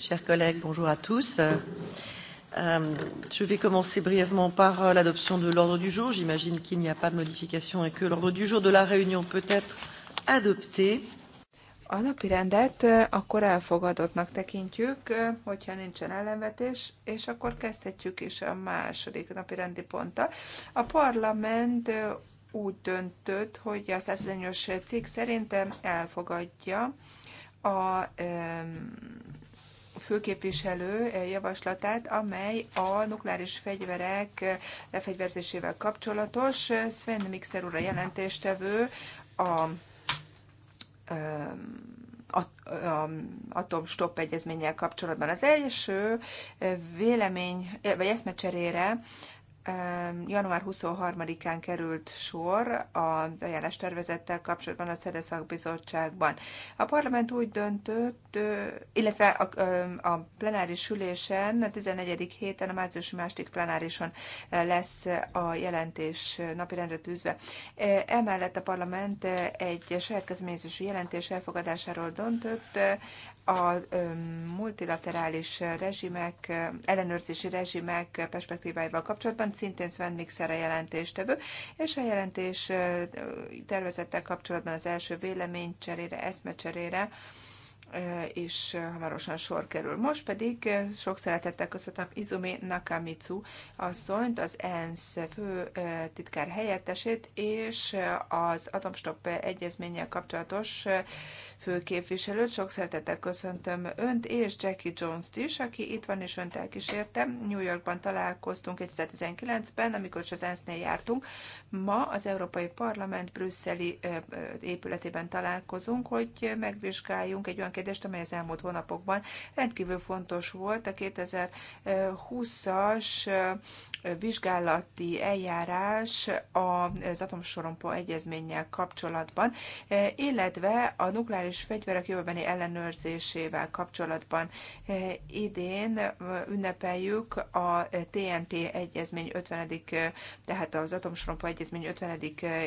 chers collègues, bonjour à tous. Euh, je vais commencer brièvement par euh, l'adoption de l'ordre du jour. J'imagine qu'il n'y a pas de modification et que l'ordre du jour de la réunion peut être adopté. A napi rendet euh, akkor elfogadottnak tekintjük, euh, hogyha nincsen ellenvetés, és akkor kezdhetjük is a második napi rendi ponttal. A parlament úgy döntött, hogy a 101-ös cikk szerintem elfogadja a főképviselő eh, javaslatát, amely a nukleáris fegyverek eh, lefegyverzésével kapcsolatos. Sven Mixer úr a jelentéstevő a eh, atomstop egyezménnyel kapcsolatban. Az első vélemény, vagy eszmecserére január 23-án került sor az ajánlás tervezettel kapcsolatban a SZEDE szakbizottságban. A parlament úgy döntött, illetve a, a plenáris ülésen, a 14. héten, a március második plenárison lesz a jelentés napirendre tűzve. Emellett a parlament egy saját kezdeményezésű jelentés elfogadásáról döntött, a multilaterális rezsimek, ellenőrzési rezsimek perspektíváival kapcsolatban szintén Sven Mixer a jelentéstevő, és a jelentés tervezettel kapcsolatban az első véleménycserére, eszmecserére és hamarosan sor kerül. Most pedig sok szeretettel köszöntöm Izumi Nakamitsu asszonyt, az ENSZ fő titkár helyettesét, és az Atomstop egyezménnyel kapcsolatos főképviselőt. Sok szeretettel köszöntöm önt, és Jackie Jones-t is, aki itt van, és önt elkísértem. New Yorkban találkoztunk 2019-ben, amikor is az ENSZ-nél jártunk. Ma az Európai Parlament brüsszeli épületében találkozunk, hogy megvizsgáljunk egy olyan kérdést, amely az elmúlt hónapokban rendkívül fontos volt. A 2020-as vizsgálati eljárás az atomsorompó egyezménnyel kapcsolatban, illetve a nukleáris fegyverek jövőbeni ellenőrzésével kapcsolatban idén ünnepeljük a TNP egyezmény 50. tehát az atomsorompó egyezmény 50.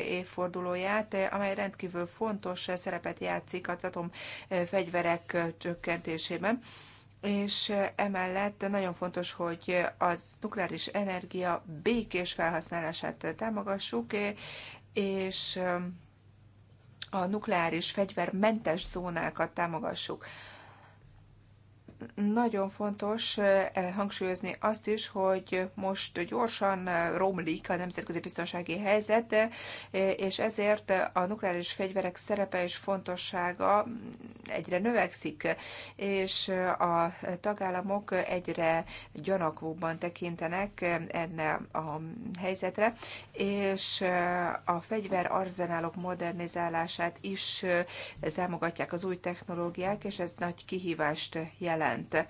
évfordulóját, amely rendkívül fontos szerepet játszik az atomfegyverek emberek csökkentésében, és emellett nagyon fontos, hogy az nukleáris energia békés felhasználását támogassuk, és a nukleáris fegyvermentes zónákat támogassuk. Nagyon fontos eh, hangsúlyozni azt is, hogy most gyorsan eh, romlik a nemzetközi biztonsági helyzet, eh, és ezért a nukleáris fegyverek szerepe és fontossága mm, egyre növekszik, és a tagállamok egyre gyanakvóban tekintenek enne a helyzetre, és a arzenálok modernizálását is támogatják az új technológiák, és ez nagy kihívást jelent jelent.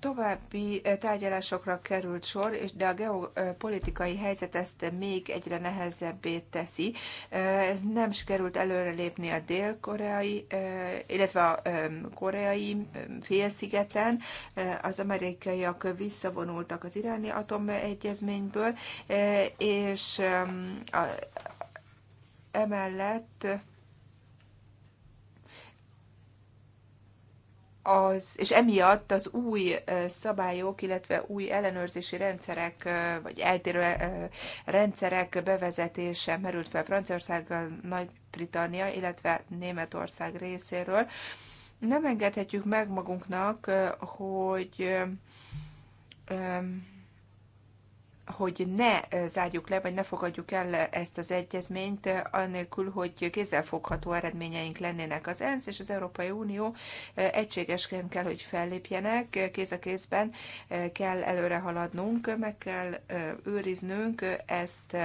További eh, tárgyalásokra került sor, de a geopolitikai helyzet ezt még egyre nehezebbé teszi. Eh, nem sikerült előrelépni a dél-koreai, eh, illetve a koreai félszigeten. Az amerikaiak visszavonultak az iráni atomegyezményből, és emellett az, és emiatt az új szabályok, illetve új ellenőrzési rendszerek, vagy eltérő rendszerek bevezetése merült fel Franciaország, Nagy-Britannia, illetve Németország részéről. Nem engedhetjük meg magunknak, hogy hogy ne zárjuk le, vagy ne fogadjuk el ezt az egyezményt, anélkül, hogy kézzelfogható eredményeink lennének. Az ENSZ és az Európai Unió egységesként kell, hogy fellépjenek, kéz a kézben kell előre haladnunk, meg kell őriznünk ezt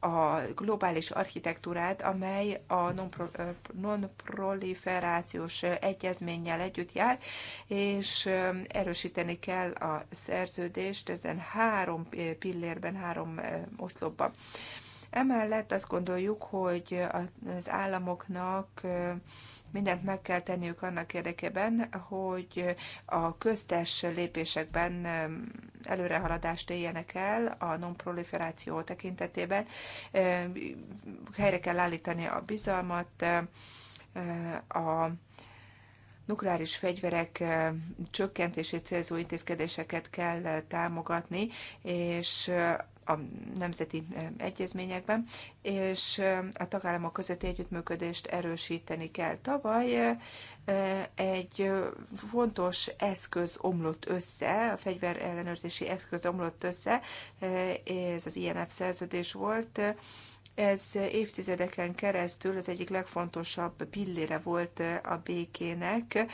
a globális architektúrát, amely a non-proliferációs egyezménnyel együtt jár, és erősíteni kell a szerződést ezen három pillanatban, pillérben, három oszlopban. Emellett azt gondoljuk, hogy az államoknak mindent meg kell tenniük annak érdekében, hogy a köztes lépésekben előrehaladást éljenek el a nonproliferáció tekintetében. Helyre kell állítani a bizalmat, a nukleáris fegyverek csökkentését célzó intézkedéseket kell támogatni, és a nemzeti egyezményekben, és a tagállamok közötti együttműködést erősíteni kell. Tavaly egy fontos eszköz omlott össze, a ellenőrzési eszköz omlott össze, ez az INF szerződés volt, ez évtizedeken keresztül az egyik legfontosabb pillére volt a békének.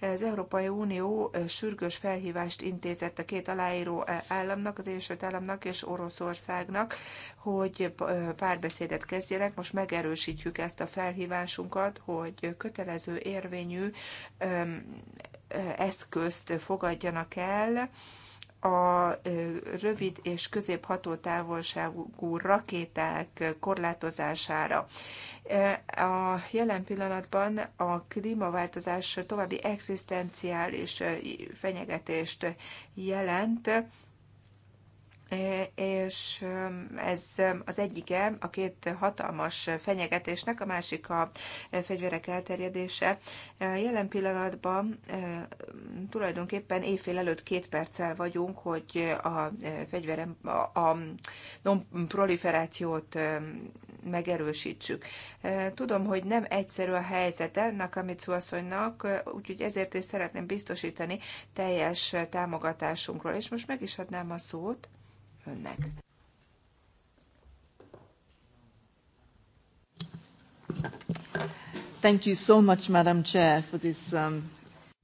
Az Európai Unió sürgős felhívást intézett a két aláíró államnak, az Egyesült Államnak és Oroszországnak, hogy párbeszédet kezdjenek. Most megerősítjük ezt a felhívásunkat, hogy kötelező érvényű eszközt fogadjanak el, a rövid és közép hatótávolságú rakéták korlátozására. A jelen pillanatban a klímaváltozás további egzisztenciális fenyegetést jelent, E, és ez az egyike a két hatalmas fenyegetésnek, a másik a e, fegyverek elterjedése. E, jelen pillanatban tulajdonképpen éjfél előtt két perccel vagyunk, hogy a fegyverem, a non-proliferációt megerősítsük. Tudom, hogy nem egyszerű a helyzet ennek, amit asszonynak, úgyhogy ezért is szeretném biztosítani teljes támogatásunkról. És most meg is adnám a szót önnek. Thank you so much, Madam Chair, for this. Um...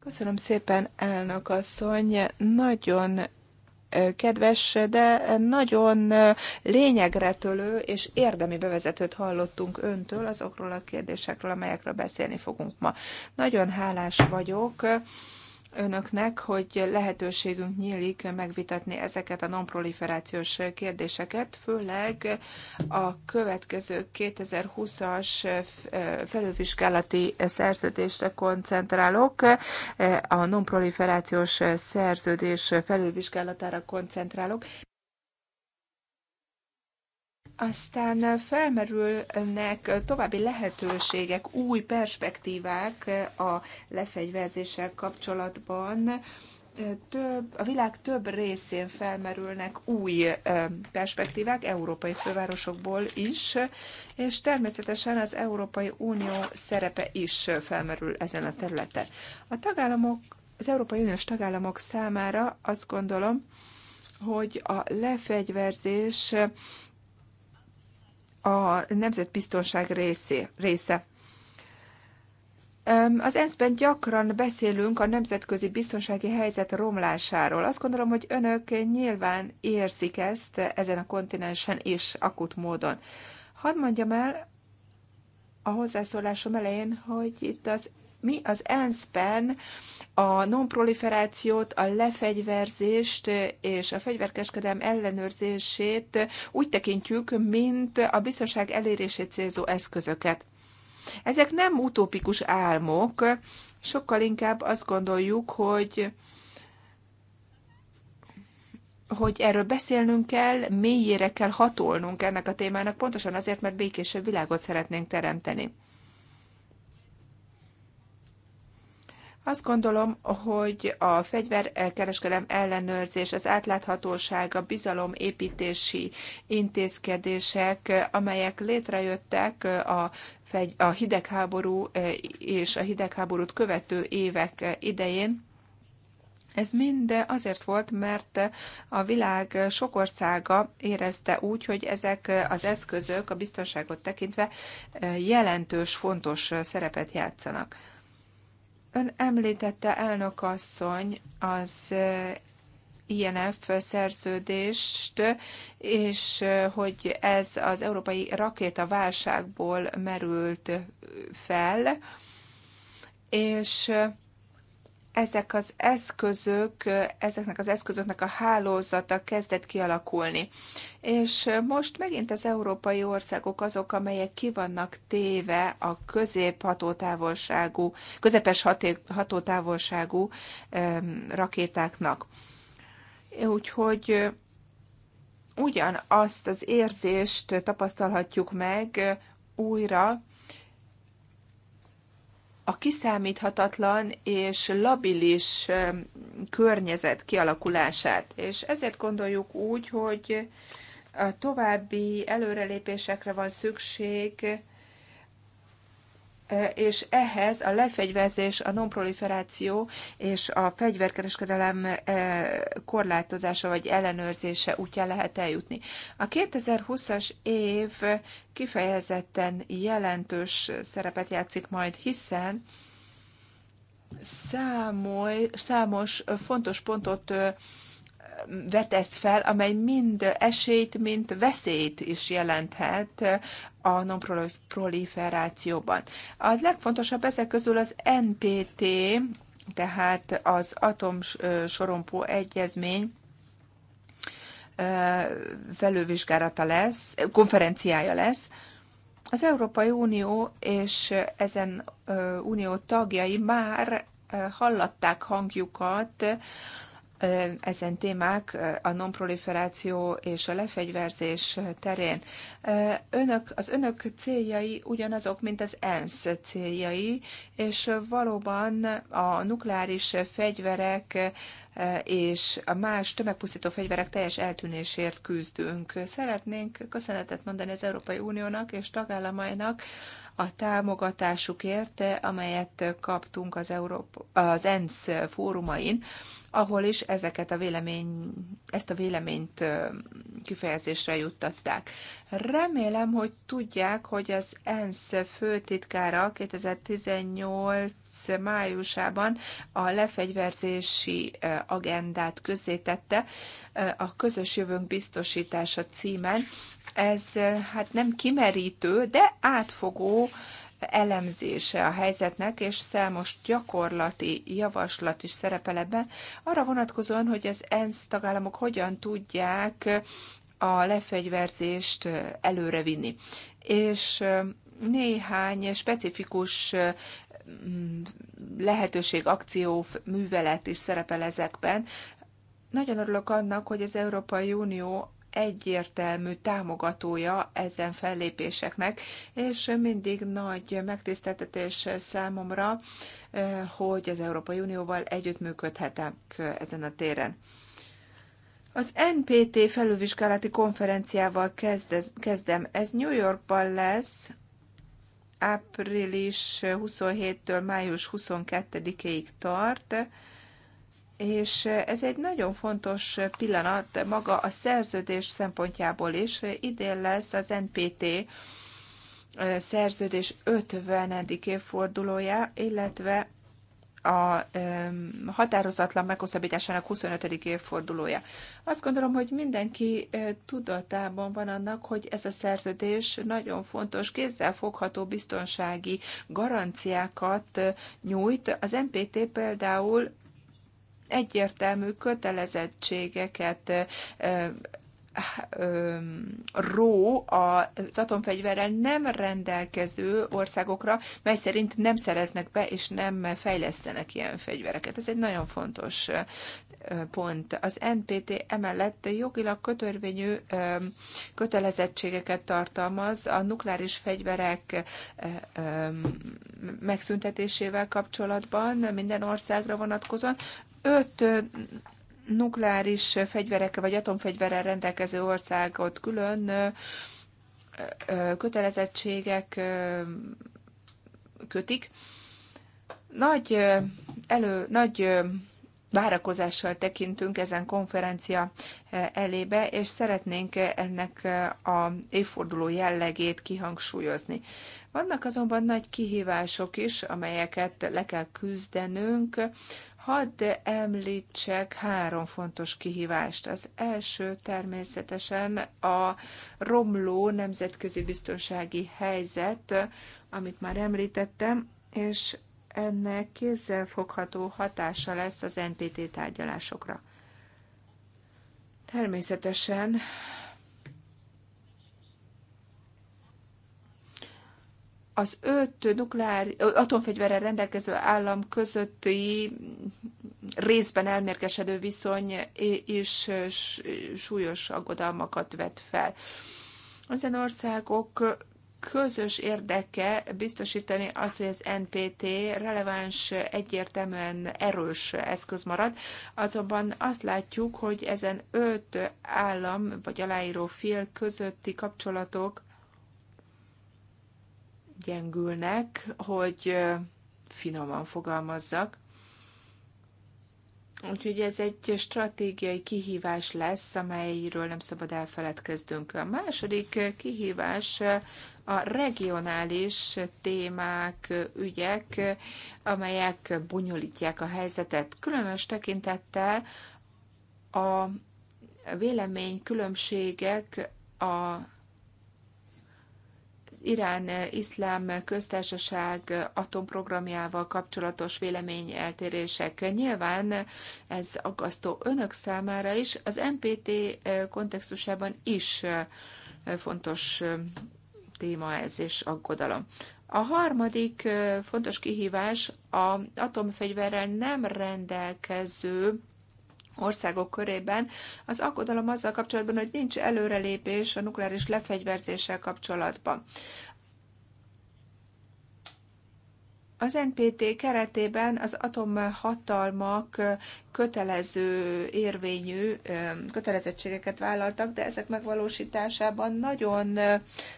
Köszönöm szépen, elnök asszony. Nagyon kedves, de nagyon lényegre tölő és érdemi bevezetőt hallottunk öntől azokról a kérdésekről, amelyekről beszélni fogunk ma. Nagyon hálás vagyok önöknek, hogy lehetőségünk nyílik megvitatni ezeket a nonproliferációs kérdéseket, főleg a következő 2020-as felülvizsgálati szerződésre koncentrálok, a nonproliferációs szerződés felülvizsgálatára koncentrálok. Aztán felmerülnek további lehetőségek, új perspektívák a lefegyverzéssel kapcsolatban. Több, a világ több részén felmerülnek új perspektívák, európai fővárosokból is, és természetesen az Európai Unió szerepe is felmerül ezen a területen. A tagállamok, az Európai Uniós tagállamok számára azt gondolom, hogy a lefegyverzés a nemzetbiztonság részé, része. Az ENSZ-ben gyakran beszélünk a nemzetközi biztonsági helyzet romlásáról. Azt gondolom, hogy önök nyilván érzik ezt ezen a kontinensen és akut módon. Hadd mondjam el a hozzászólásom elején, hogy itt az mi az ENSZ-ben a nonproliferációt, a lefegyverzést és a fegyverkeskedelem ellenőrzését úgy tekintjük, mint a biztonság elérését célzó eszközöket. Ezek nem utópikus álmok, sokkal inkább azt gondoljuk, hogy hogy erről beszélnünk kell, mélyére kell hatolnunk ennek a témának, pontosan azért, mert békésebb világot szeretnénk teremteni. Azt gondolom, hogy a fegyverkereskedelem ellenőrzés, az átláthatóság, a bizalomépítési intézkedések, amelyek létrejöttek a a hidegháború eh, és a hidegháborút követő évek eh, idején, ez mind azért volt, mert a világ sok országa érezte úgy, hogy ezek az eszközök a biztonságot tekintve eh, jelentős, fontos szerepet játszanak. Ön említette, elnök asszony, az eh, INF szerződést, és eh, hogy ez az európai rakéta válságból merült eh, fel, és ezek az eszközök, ezeknek az eszközöknek a hálózata kezdett kialakulni. És most megint az európai országok azok, amelyek ki vannak téve a hatótávolságú közepes hatótávolságú rakétáknak. Úgyhogy ugyanazt az érzést tapasztalhatjuk meg újra, a kiszámíthatatlan és labilis környezet kialakulását. És ezért gondoljuk úgy, hogy a további előrelépésekre van szükség, és ehhez a lefegyverzés, a nonproliferáció és a fegyverkereskedelem korlátozása vagy ellenőrzése útján lehet eljutni. A 2020-as év kifejezetten jelentős szerepet játszik majd, hiszen számol, számos fontos pontot vetesz fel, amely mind esélyt, mind veszélyt is jelenthet a nonproliferációban. A legfontosabb ezek közül az NPT, tehát az atomsorompó egyezmény, felővizsgálata lesz, konferenciája lesz. Az Európai Unió és ezen unió tagjai már hallatták hangjukat ezen témák a nonproliferáció és a lefegyverzés terén. Önök, az önök céljai ugyanazok, mint az ENSZ céljai, és valóban a nukleáris fegyverek és a más tömegpusztító fegyverek teljes eltűnésért küzdünk. Szeretnénk köszönetet mondani az Európai Uniónak és tagállamainak a támogatásukért, amelyet kaptunk az, Európa, az ENSZ fórumain ahol is ezeket a vélemény, ezt a véleményt kifejezésre juttatták. Remélem, hogy tudják, hogy az ENSZ főtitkára 2018 májusában a lefegyverzési agendát közzétette a közös jövőnk biztosítása címen. Ez hát nem kimerítő, de átfogó elemzése a helyzetnek, és számos gyakorlati javaslat is szerepel ebben, arra vonatkozóan, hogy az ENSZ tagállamok hogyan tudják a lefegyverzést előrevinni. És néhány specifikus mm, lehetőség, akció, művelet is szerepel ezekben. Nagyon örülök annak, hogy az Európai Unió egyértelmű támogatója ezen fellépéseknek, és mindig nagy megtiszteltetés számomra, eh, hogy az Európai Unióval együttműködhetek eh, ezen a téren. Az NPT felülvizsgálati konferenciával kezdem. Ez New Yorkban lesz április 27-től május 22-ig tart és ez egy nagyon fontos pillanat maga a szerződés szempontjából is. Idén lesz az NPT szerződés 50. évfordulója, illetve a határozatlan meghosszabbításának 25. évfordulója. Azt gondolom, hogy mindenki tudatában van annak, hogy ez a szerződés nagyon fontos, kézzelfogható biztonsági garanciákat nyújt. Az MPT például egyértelmű kötelezettségeket ró az atomfegyverrel nem rendelkező országokra, mely szerint nem szereznek be és nem fejlesztenek ilyen fegyvereket. Ez egy nagyon fontos pont. Az NPT emellett jogilag kötörvényű kötelezettségeket tartalmaz a nukleáris fegyverek megszüntetésével kapcsolatban minden országra vonatkozóan, öt nukleáris fegyverekkel vagy atomfegyverrel rendelkező országot külön kötelezettségek kötik. Nagy, elő, nagy várakozással tekintünk ezen konferencia elébe, és szeretnénk ennek a évforduló jellegét kihangsúlyozni. Vannak azonban nagy kihívások is, amelyeket le kell küzdenünk Hadd említsek három fontos kihívást. Az első természetesen a romló nemzetközi biztonsági helyzet, amit már említettem, és ennek kézzelfogható hatása lesz az NPT tárgyalásokra. Természetesen az öt nukleár, atomfegyverrel rendelkező állam közötti részben elmérgesedő viszony is súlyos aggodalmakat vet fel. Ezen országok közös érdeke biztosítani azt, hogy az NPT releváns, egyértelműen erős eszköz marad, azonban azt látjuk, hogy ezen öt állam vagy aláíró fél közötti kapcsolatok gyengülnek, hogy finoman fogalmazzak. Úgyhogy ez egy stratégiai kihívás lesz, amelyről nem szabad elfeledkeznünk. A második kihívás a regionális témák, ügyek, amelyek bonyolítják a helyzetet. Különös tekintettel a vélemény különbségek a Irán eh, iszlám köztársaság atomprogramjával kapcsolatos véleményeltérések. Nyilván ez aggasztó önök számára is, az NPT eh, kontextusában is eh, fontos téma ez és aggodalom. A harmadik fontos kihívás a atomfegyverrel nem rendelkező országok körében. Az aggodalom azzal kapcsolatban, hogy nincs előrelépés a nukleáris lefegyverzéssel kapcsolatban. Az NPT keretében az atomhatalmak kötelező érvényű kötelezettségeket vállaltak, de ezek megvalósításában nagyon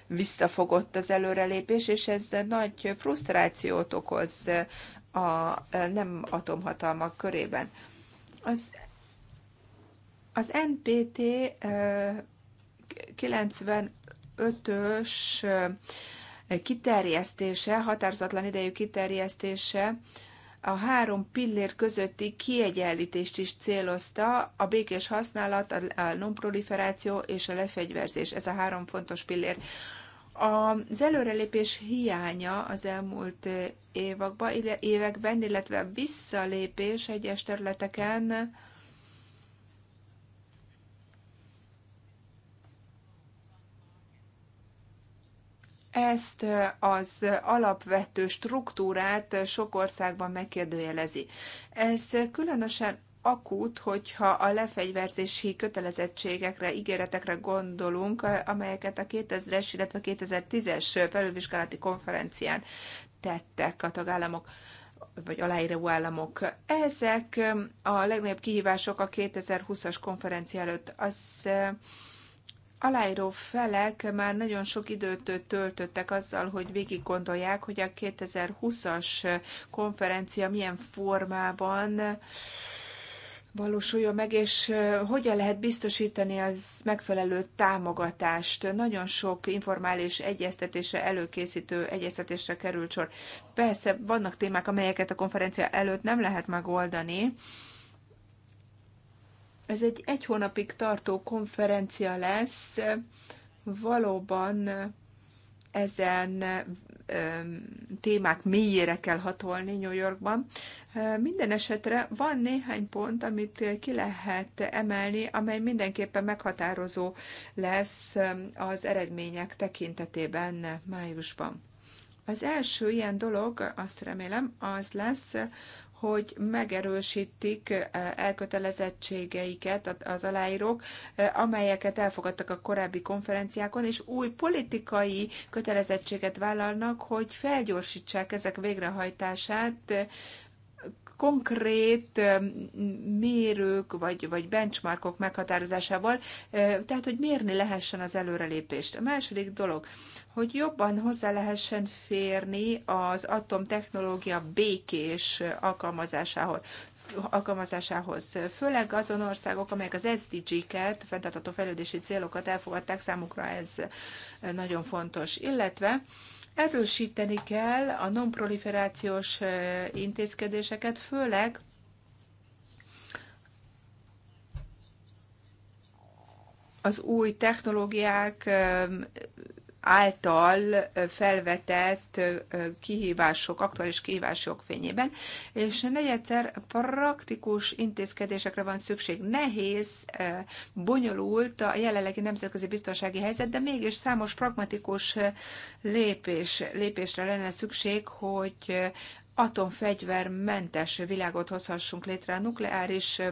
visszafogott az előrelépés, és ez nagy frusztrációt okoz a nem atomhatalmak körében. Az az NPT 95-ös kiterjesztése, határozatlan idejű kiterjesztése a három pillér közötti kiegyenlítést is célozta, a békés használat, a nonproliferáció és a lefegyverzés. Ez a három fontos pillér. Az előrelépés hiánya az elmúlt években, években illetve visszalépés egyes területeken ezt az alapvető struktúrát sok országban megkérdőjelezi. Ez különösen akut, hogyha a lefegyverzési kötelezettségekre, ígéretekre gondolunk, amelyeket a 2000-es, illetve 2010-es felülvizsgálati konferencián tettek a tagállamok vagy aláíró államok. Ezek a legnagyobb kihívások a 2020-as konferencia előtt. Az aláíró felek már nagyon sok időt töltöttek azzal, hogy végig gondolják, hogy a 2020-as konferencia milyen formában valósuljon meg, és hogyan lehet biztosítani az megfelelő támogatást. Nagyon sok informális egyeztetésre, előkészítő egyeztetésre került sor. Persze vannak témák, amelyeket a konferencia előtt nem lehet megoldani, ez egy egy hónapig tartó konferencia lesz, valóban ezen témák mélyére kell hatolni New Yorkban. Minden esetre van néhány pont, amit ki lehet emelni, amely mindenképpen meghatározó lesz az eredmények tekintetében májusban. Az első ilyen dolog, azt remélem, az lesz, hogy megerősítik e, elkötelezettségeiket az aláírók, e, amelyeket elfogadtak a korábbi konferenciákon, és új politikai kötelezettséget vállalnak, hogy felgyorsítsák ezek végrehajtását, e, konkrét mérők vagy, vagy benchmarkok meghatározásával, tehát hogy mérni lehessen az előrelépést. A második dolog, hogy jobban hozzá lehessen férni az atomtechnológia békés alkalmazásához, alkalmazásához. Főleg azon országok, amelyek az SDG-ket, fenntartató fejlődési célokat elfogadták, számukra ez nagyon fontos. Illetve erősíteni kell a nonproliferációs eh, intézkedéseket, főleg az új technológiák eh, által felvetett kihívások, aktuális kihívások fényében, és negyedszer praktikus intézkedésekre van szükség. Nehéz, bonyolult a jelenlegi nemzetközi biztonsági helyzet, de mégis számos pragmatikus lépés, lépésre lenne szükség, hogy atomfegyvermentes világot hozhassunk létre. A nukleáris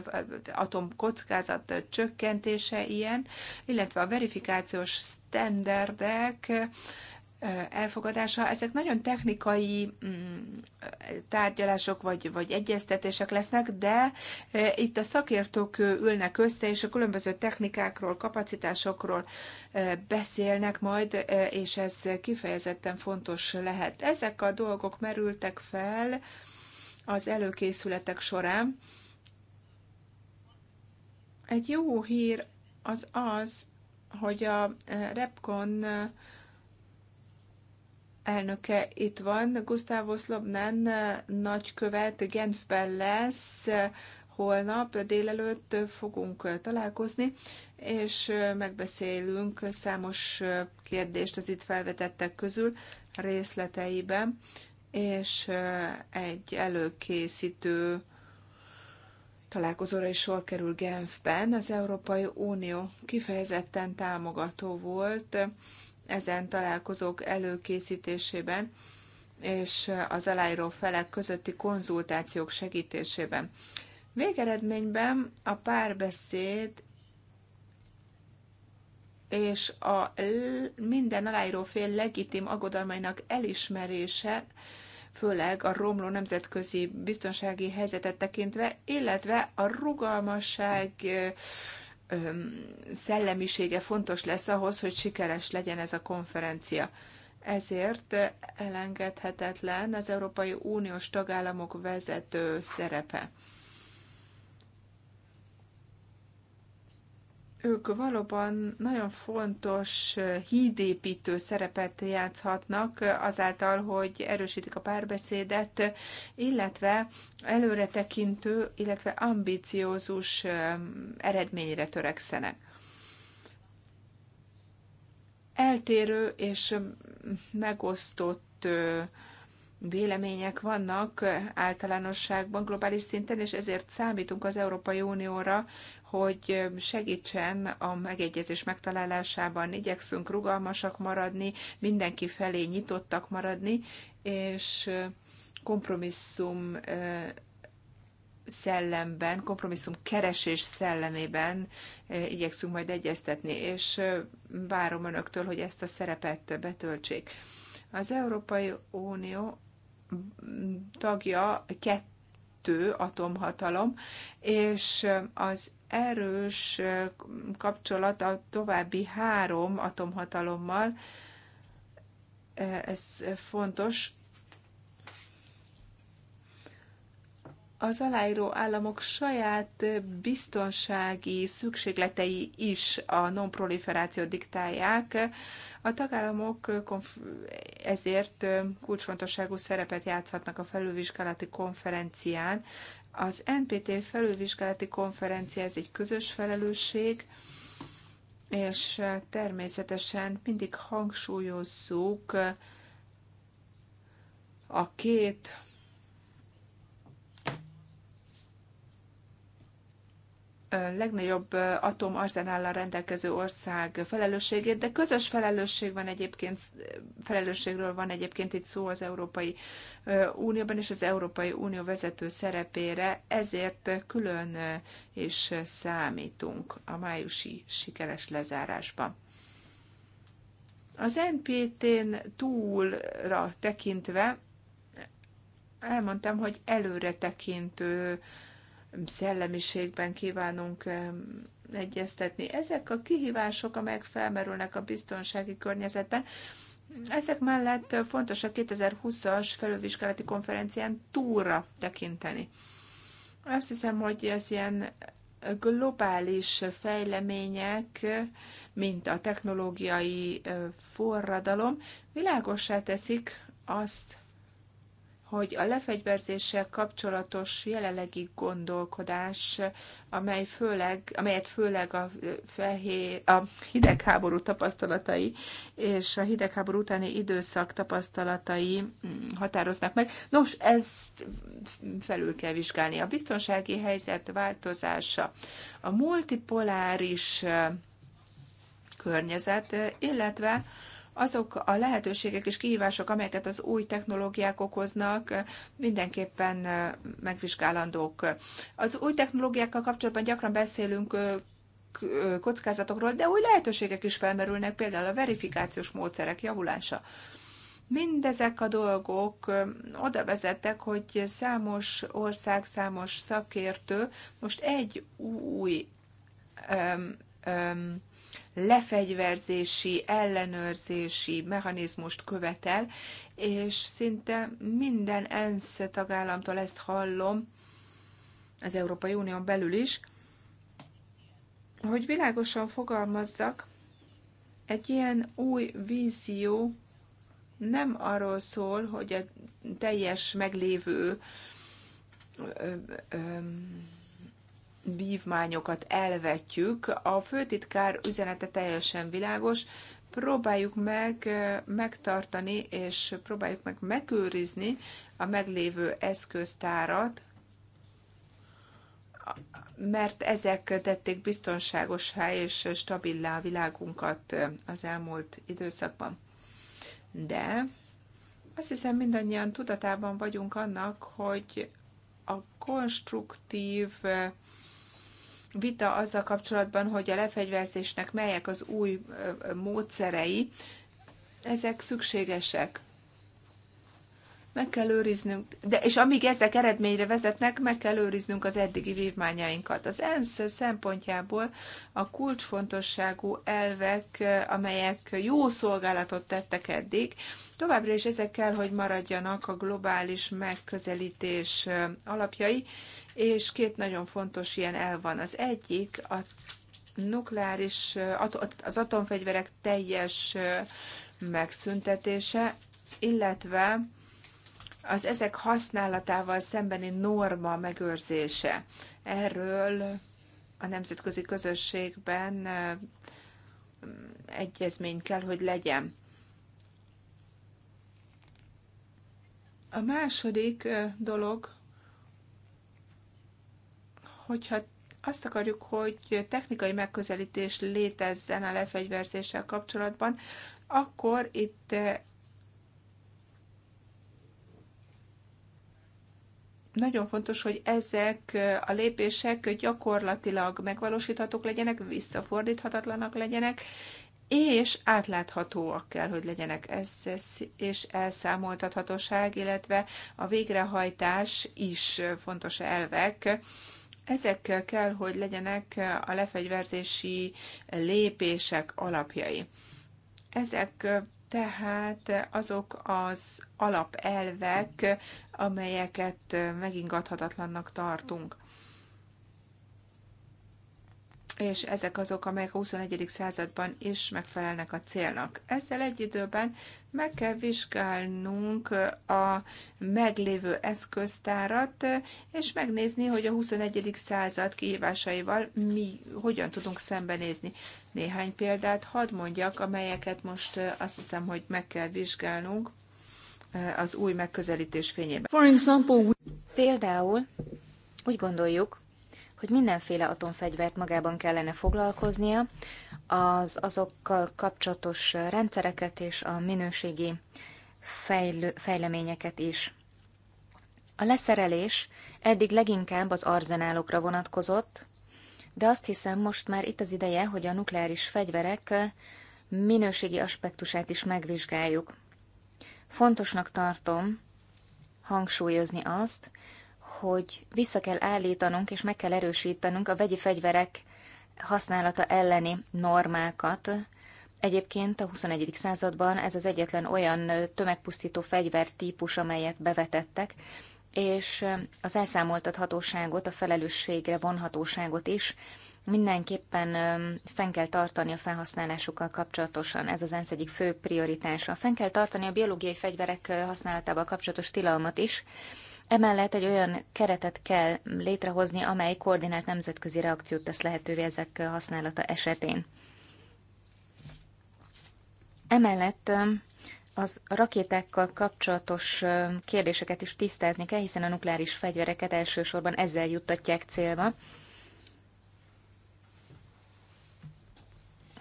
atomkockázat csökkentése ilyen, illetve a verifikációs sztenderdek, elfogadása. Ezek nagyon technikai mm, tárgyalások vagy, vagy egyeztetések lesznek, de itt a szakértők ülnek össze, és a különböző technikákról, kapacitásokról beszélnek majd, és ez kifejezetten fontos lehet. Ezek a dolgok merültek fel az előkészületek során. Egy jó hír az az, hogy a Repcon elnöke itt van, Gustavo Slobnen eh, nagykövet Genfben lesz, eh, holnap délelőtt fogunk eh, találkozni, és megbeszélünk számos kérdést az itt felvetettek közül részleteiben, és egy előkészítő találkozóra is sor kerül Genfben. Az Európai Unió kifejezetten támogató volt ezen találkozók előkészítésében és az aláíró felek közötti konzultációk segítésében. Végeredményben a párbeszéd és a minden aláíró fél legitim aggodalmainak elismerése, főleg a romló nemzetközi biztonsági helyzetet tekintve, illetve a rugalmasság szellemisége fontos lesz ahhoz, hogy sikeres legyen ez a konferencia. Ezért elengedhetetlen az Európai Uniós tagállamok vezető szerepe. ők valóban nagyon fontos hídépítő szerepet játszhatnak azáltal, hogy erősítik a párbeszédet, illetve előretekintő, illetve ambiciózus eredményre törekszenek. Eltérő és megosztott vélemények vannak általánosságban globális szinten, és ezért számítunk az Európai Unióra, hogy segítsen a megegyezés megtalálásában. Igyekszünk rugalmasak maradni, mindenki felé nyitottak maradni, és kompromisszum szellemben, kompromisszum keresés szellemében igyekszünk majd egyeztetni, és várom önöktől, hogy ezt a szerepet betöltsék. Az Európai Unió mm, tagja kettő atomhatalom, és az erős kapcsolat a további három atomhatalommal. Ez fontos. Az aláíró államok saját biztonsági szükségletei is a nonproliferációt diktálják. A tagállamok ezért kulcsfontosságú szerepet játszhatnak a felülvizsgálati konferencián, az NPT felülvizsgálati konferencia, ez egy közös felelősség, és természetesen mindig hangsúlyozzuk a két legnagyobb atomarzenállal rendelkező ország felelősségét, de közös felelősség van egyébként, felelősségről van egyébként itt szó az Európai Unióban és az Európai Unió vezető szerepére, ezért külön is számítunk a májusi sikeres lezárásban. Az NPT-n túlra tekintve elmondtam, hogy előre tekintő szellemiségben kívánunk egyeztetni. Ezek a kihívások, amelyek felmerülnek a biztonsági környezetben, ezek mellett fontos a 2020-as felülvizsgálati konferencián túlra tekinteni. Azt hiszem, hogy ez ilyen globális fejlemények, mint a technológiai forradalom, világossá teszik azt, hogy a lefegyverzéssel kapcsolatos jelenlegi gondolkodás, amely főleg, amelyet főleg a, fehér, a hidegháború tapasztalatai és a hidegháború utáni időszak tapasztalatai mm, határoznak meg. Nos, ezt felül kell vizsgálni. A biztonsági helyzet változása, a multipoláris környezet, illetve azok a lehetőségek és kihívások, amelyeket az új technológiák okoznak, mindenképpen megvizsgálandók. Az új technológiákkal kapcsolatban gyakran beszélünk kockázatokról, de új lehetőségek is felmerülnek, például a verifikációs módszerek javulása. Mindezek a dolgok oda vezettek, hogy számos ország, számos szakértő most egy új um, um, lefegyverzési, ellenőrzési mechanizmust követel, és szinte minden ENSZ tagállamtól ezt hallom, az Európai Unión belül is, hogy világosan fogalmazzak, egy ilyen új vízió nem arról szól, hogy a teljes meglévő ö, ö, vívmányokat elvetjük. A főtitkár üzenete teljesen világos, próbáljuk meg megtartani, és próbáljuk meg megőrizni a meglévő eszköztárat, mert ezek tették biztonságosá és stabilá a világunkat az elmúlt időszakban. De azt hiszem mindannyian tudatában vagyunk annak, hogy a konstruktív vita azzal kapcsolatban, hogy a lefegyverzésnek melyek az új módszerei, ezek szükségesek. Meg kell őriznünk, de, és amíg ezek eredményre vezetnek, meg kell őriznünk az eddigi vívmányainkat. Az ENSZ szempontjából a kulcsfontosságú elvek, amelyek jó szolgálatot tettek eddig, továbbra is ezek kell, hogy maradjanak a globális megközelítés alapjai, és két nagyon fontos ilyen el van. Az egyik a nukleáris, az atomfegyverek teljes megszüntetése, illetve az ezek használatával szembeni norma megőrzése. Erről a nemzetközi közösségben egyezmény kell, hogy legyen. A második dolog, hogyha azt akarjuk, hogy technikai megközelítés létezzen a lefegyverzéssel kapcsolatban, akkor itt eh, nagyon fontos, hogy ezek eh, a lépések gyakorlatilag megvalósíthatók legyenek, visszafordíthatatlanak legyenek, és átláthatóak kell, hogy legyenek ez, ez és elszámoltathatóság, illetve a végrehajtás is fontos elvek Ezekkel kell, hogy legyenek a lefegyverzési lépések alapjai. Ezek tehát azok az alapelvek, amelyeket megingathatatlannak tartunk és ezek azok, amelyek a 21. században is megfelelnek a célnak. Ezzel egy időben meg kell vizsgálnunk a meglévő eszköztárat, és megnézni, hogy a 21. század kihívásaival mi hogyan tudunk szembenézni. Néhány példát hadd mondjak, amelyeket most eh, azt hiszem, hogy meg kell vizsgálnunk eh, az új megközelítés fényében. Például úgy gondoljuk, hogy mindenféle atomfegyvert magában kellene foglalkoznia, az azokkal kapcsolatos rendszereket és a minőségi fejlő, fejleményeket is. A leszerelés eddig leginkább az arzenálokra vonatkozott, de azt hiszem most már itt az ideje, hogy a nukleáris fegyverek minőségi aspektusát is megvizsgáljuk. Fontosnak tartom hangsúlyozni azt, hogy vissza kell állítanunk és meg kell erősítenünk a vegyi fegyverek használata elleni normákat. Egyébként a 21. században ez az egyetlen olyan tömegpusztító típus, amelyet bevetettek, és az elszámoltathatóságot, a felelősségre vonhatóságot is mindenképpen fenn kell tartani a felhasználásukkal kapcsolatosan. Ez az ENSZ egyik fő prioritása. Fenn kell tartani a biológiai fegyverek használatával kapcsolatos tilalmat is, Emellett egy olyan keretet kell létrehozni, amely koordinált nemzetközi reakciót tesz lehetővé ezek használata esetén. Emellett az rakétákkal kapcsolatos kérdéseket is tisztázni kell, hiszen a nukleáris fegyvereket elsősorban ezzel juttatják célba.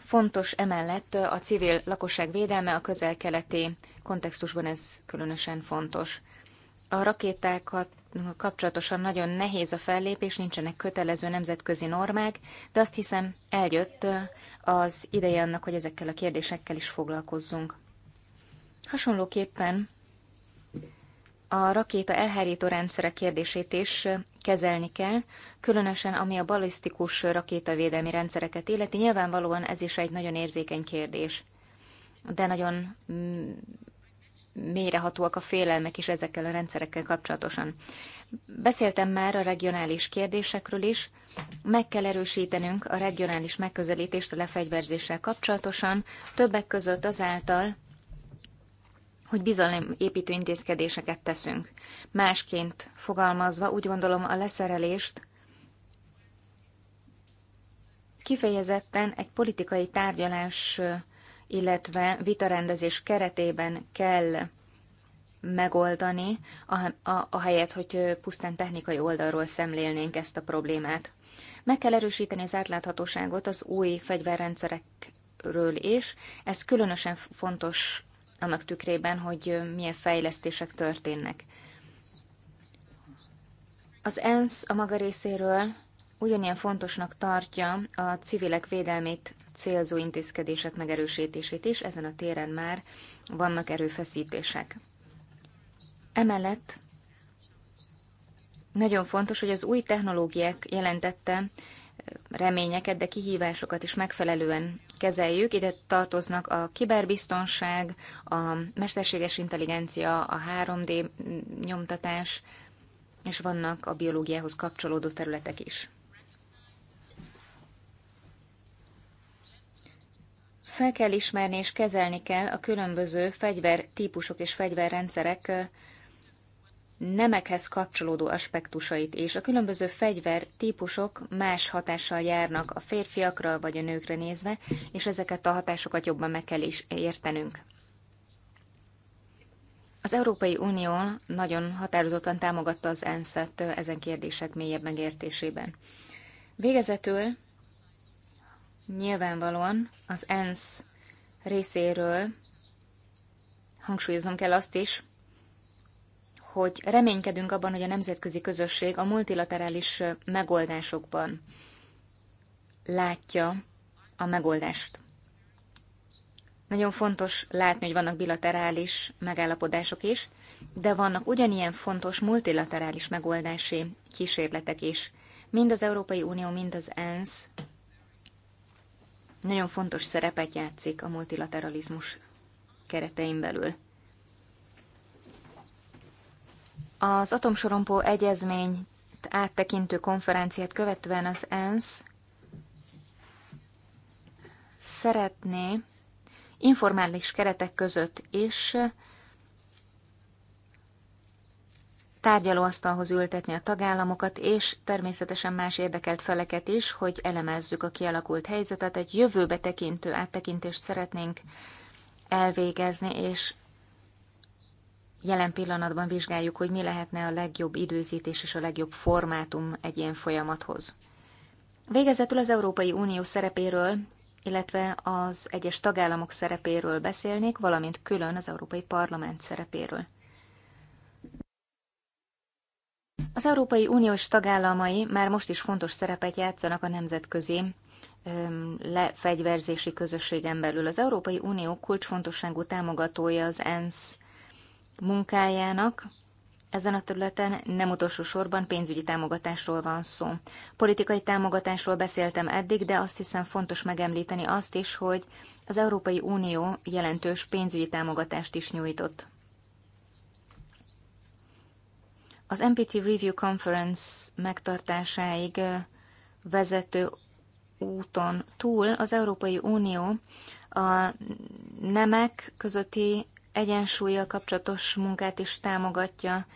Fontos emellett a civil lakosság védelme, a közel-keleti kontextusban ez különösen fontos. A rakétákat kapcsolatosan nagyon nehéz a fellépés, nincsenek kötelező nemzetközi normák, de azt hiszem eljött az ideje annak, hogy ezekkel a kérdésekkel is foglalkozzunk. Hasonlóképpen a rakéta elhárító rendszere kérdését is kezelni kell, különösen ami a balisztikus rakétavédelmi rendszereket illeti. Nyilvánvalóan ez is egy nagyon érzékeny kérdés, de nagyon mm, mélyrehatóak a félelmek is ezekkel a rendszerekkel kapcsolatosan. Beszéltem már a regionális kérdésekről is, meg kell erősítenünk a regionális megközelítést a lefegyverzéssel kapcsolatosan, többek között azáltal, hogy bizalomépítő intézkedéseket teszünk. Másként fogalmazva, úgy gondolom a leszerelést kifejezetten egy politikai tárgyalás illetve vitarendezés keretében kell megoldani, a, a, a helyet, hogy pusztán technikai oldalról szemlélnénk ezt a problémát. Meg kell erősíteni az átláthatóságot az új fegyverrendszerekről is. Ez különösen fontos annak tükrében, hogy milyen fejlesztések történnek. Az ENSZ a maga részéről ugyanilyen fontosnak tartja a civilek védelmét célzó intézkedések megerősítését is, ezen a téren már vannak erőfeszítések. Emellett nagyon fontos, hogy az új technológiák jelentette eh, reményeket, de kihívásokat is megfelelően kezeljük. Ide tartoznak a kiberbiztonság, a mesterséges intelligencia, a 3D nyomtatás, és vannak a biológiához kapcsolódó területek is. Fel kell ismerni és kezelni kell a különböző típusok és fegyverrendszerek nemekhez kapcsolódó aspektusait, és a különböző típusok más hatással járnak a férfiakra vagy a nőkre nézve, és ezeket a hatásokat jobban meg kell is értenünk. Az Európai Unió nagyon határozottan támogatta az ENSZ-et ezen kérdések mélyebb megértésében. Végezetül nyilvánvalóan az ENSZ részéről hangsúlyozom kell azt is, hogy reménykedünk abban, hogy a nemzetközi közösség a multilaterális megoldásokban látja a megoldást. Nagyon fontos látni, hogy vannak bilaterális megállapodások is, de vannak ugyanilyen fontos multilaterális megoldási kísérletek is. Mind az Európai Unió, mind az ENSZ nagyon fontos szerepet játszik a multilateralizmus keretein belül. Az atomsorompó egyezmény áttekintő konferenciát követően az ENSZ szeretné informális keretek között is tárgyalóasztalhoz ültetni a tagállamokat, és természetesen más érdekelt feleket is, hogy elemezzük a kialakult helyzetet. Egy jövőbe tekintő áttekintést szeretnénk elvégezni, és jelen pillanatban vizsgáljuk, hogy mi lehetne a legjobb időzítés és a legjobb formátum egy ilyen folyamathoz. Végezetül az Európai Unió szerepéről, illetve az egyes tagállamok szerepéről beszélnék, valamint külön az Európai Parlament szerepéről. Az Európai Uniós tagállamai már most is fontos szerepet játszanak a nemzetközi lefegyverzési közösségen belül. Az Európai Unió kulcsfontosságú támogatója az ENSZ munkájának, ezen a területen nem utolsó sorban pénzügyi támogatásról van szó. Politikai támogatásról beszéltem eddig, de azt hiszem fontos megemlíteni azt is, hogy az Európai Unió jelentős pénzügyi támogatást is nyújtott az MPT Review Conference megtartásáig vezető úton túl az Európai Unió a nemek közötti egyensúlyjal kapcsolatos munkát is támogatja,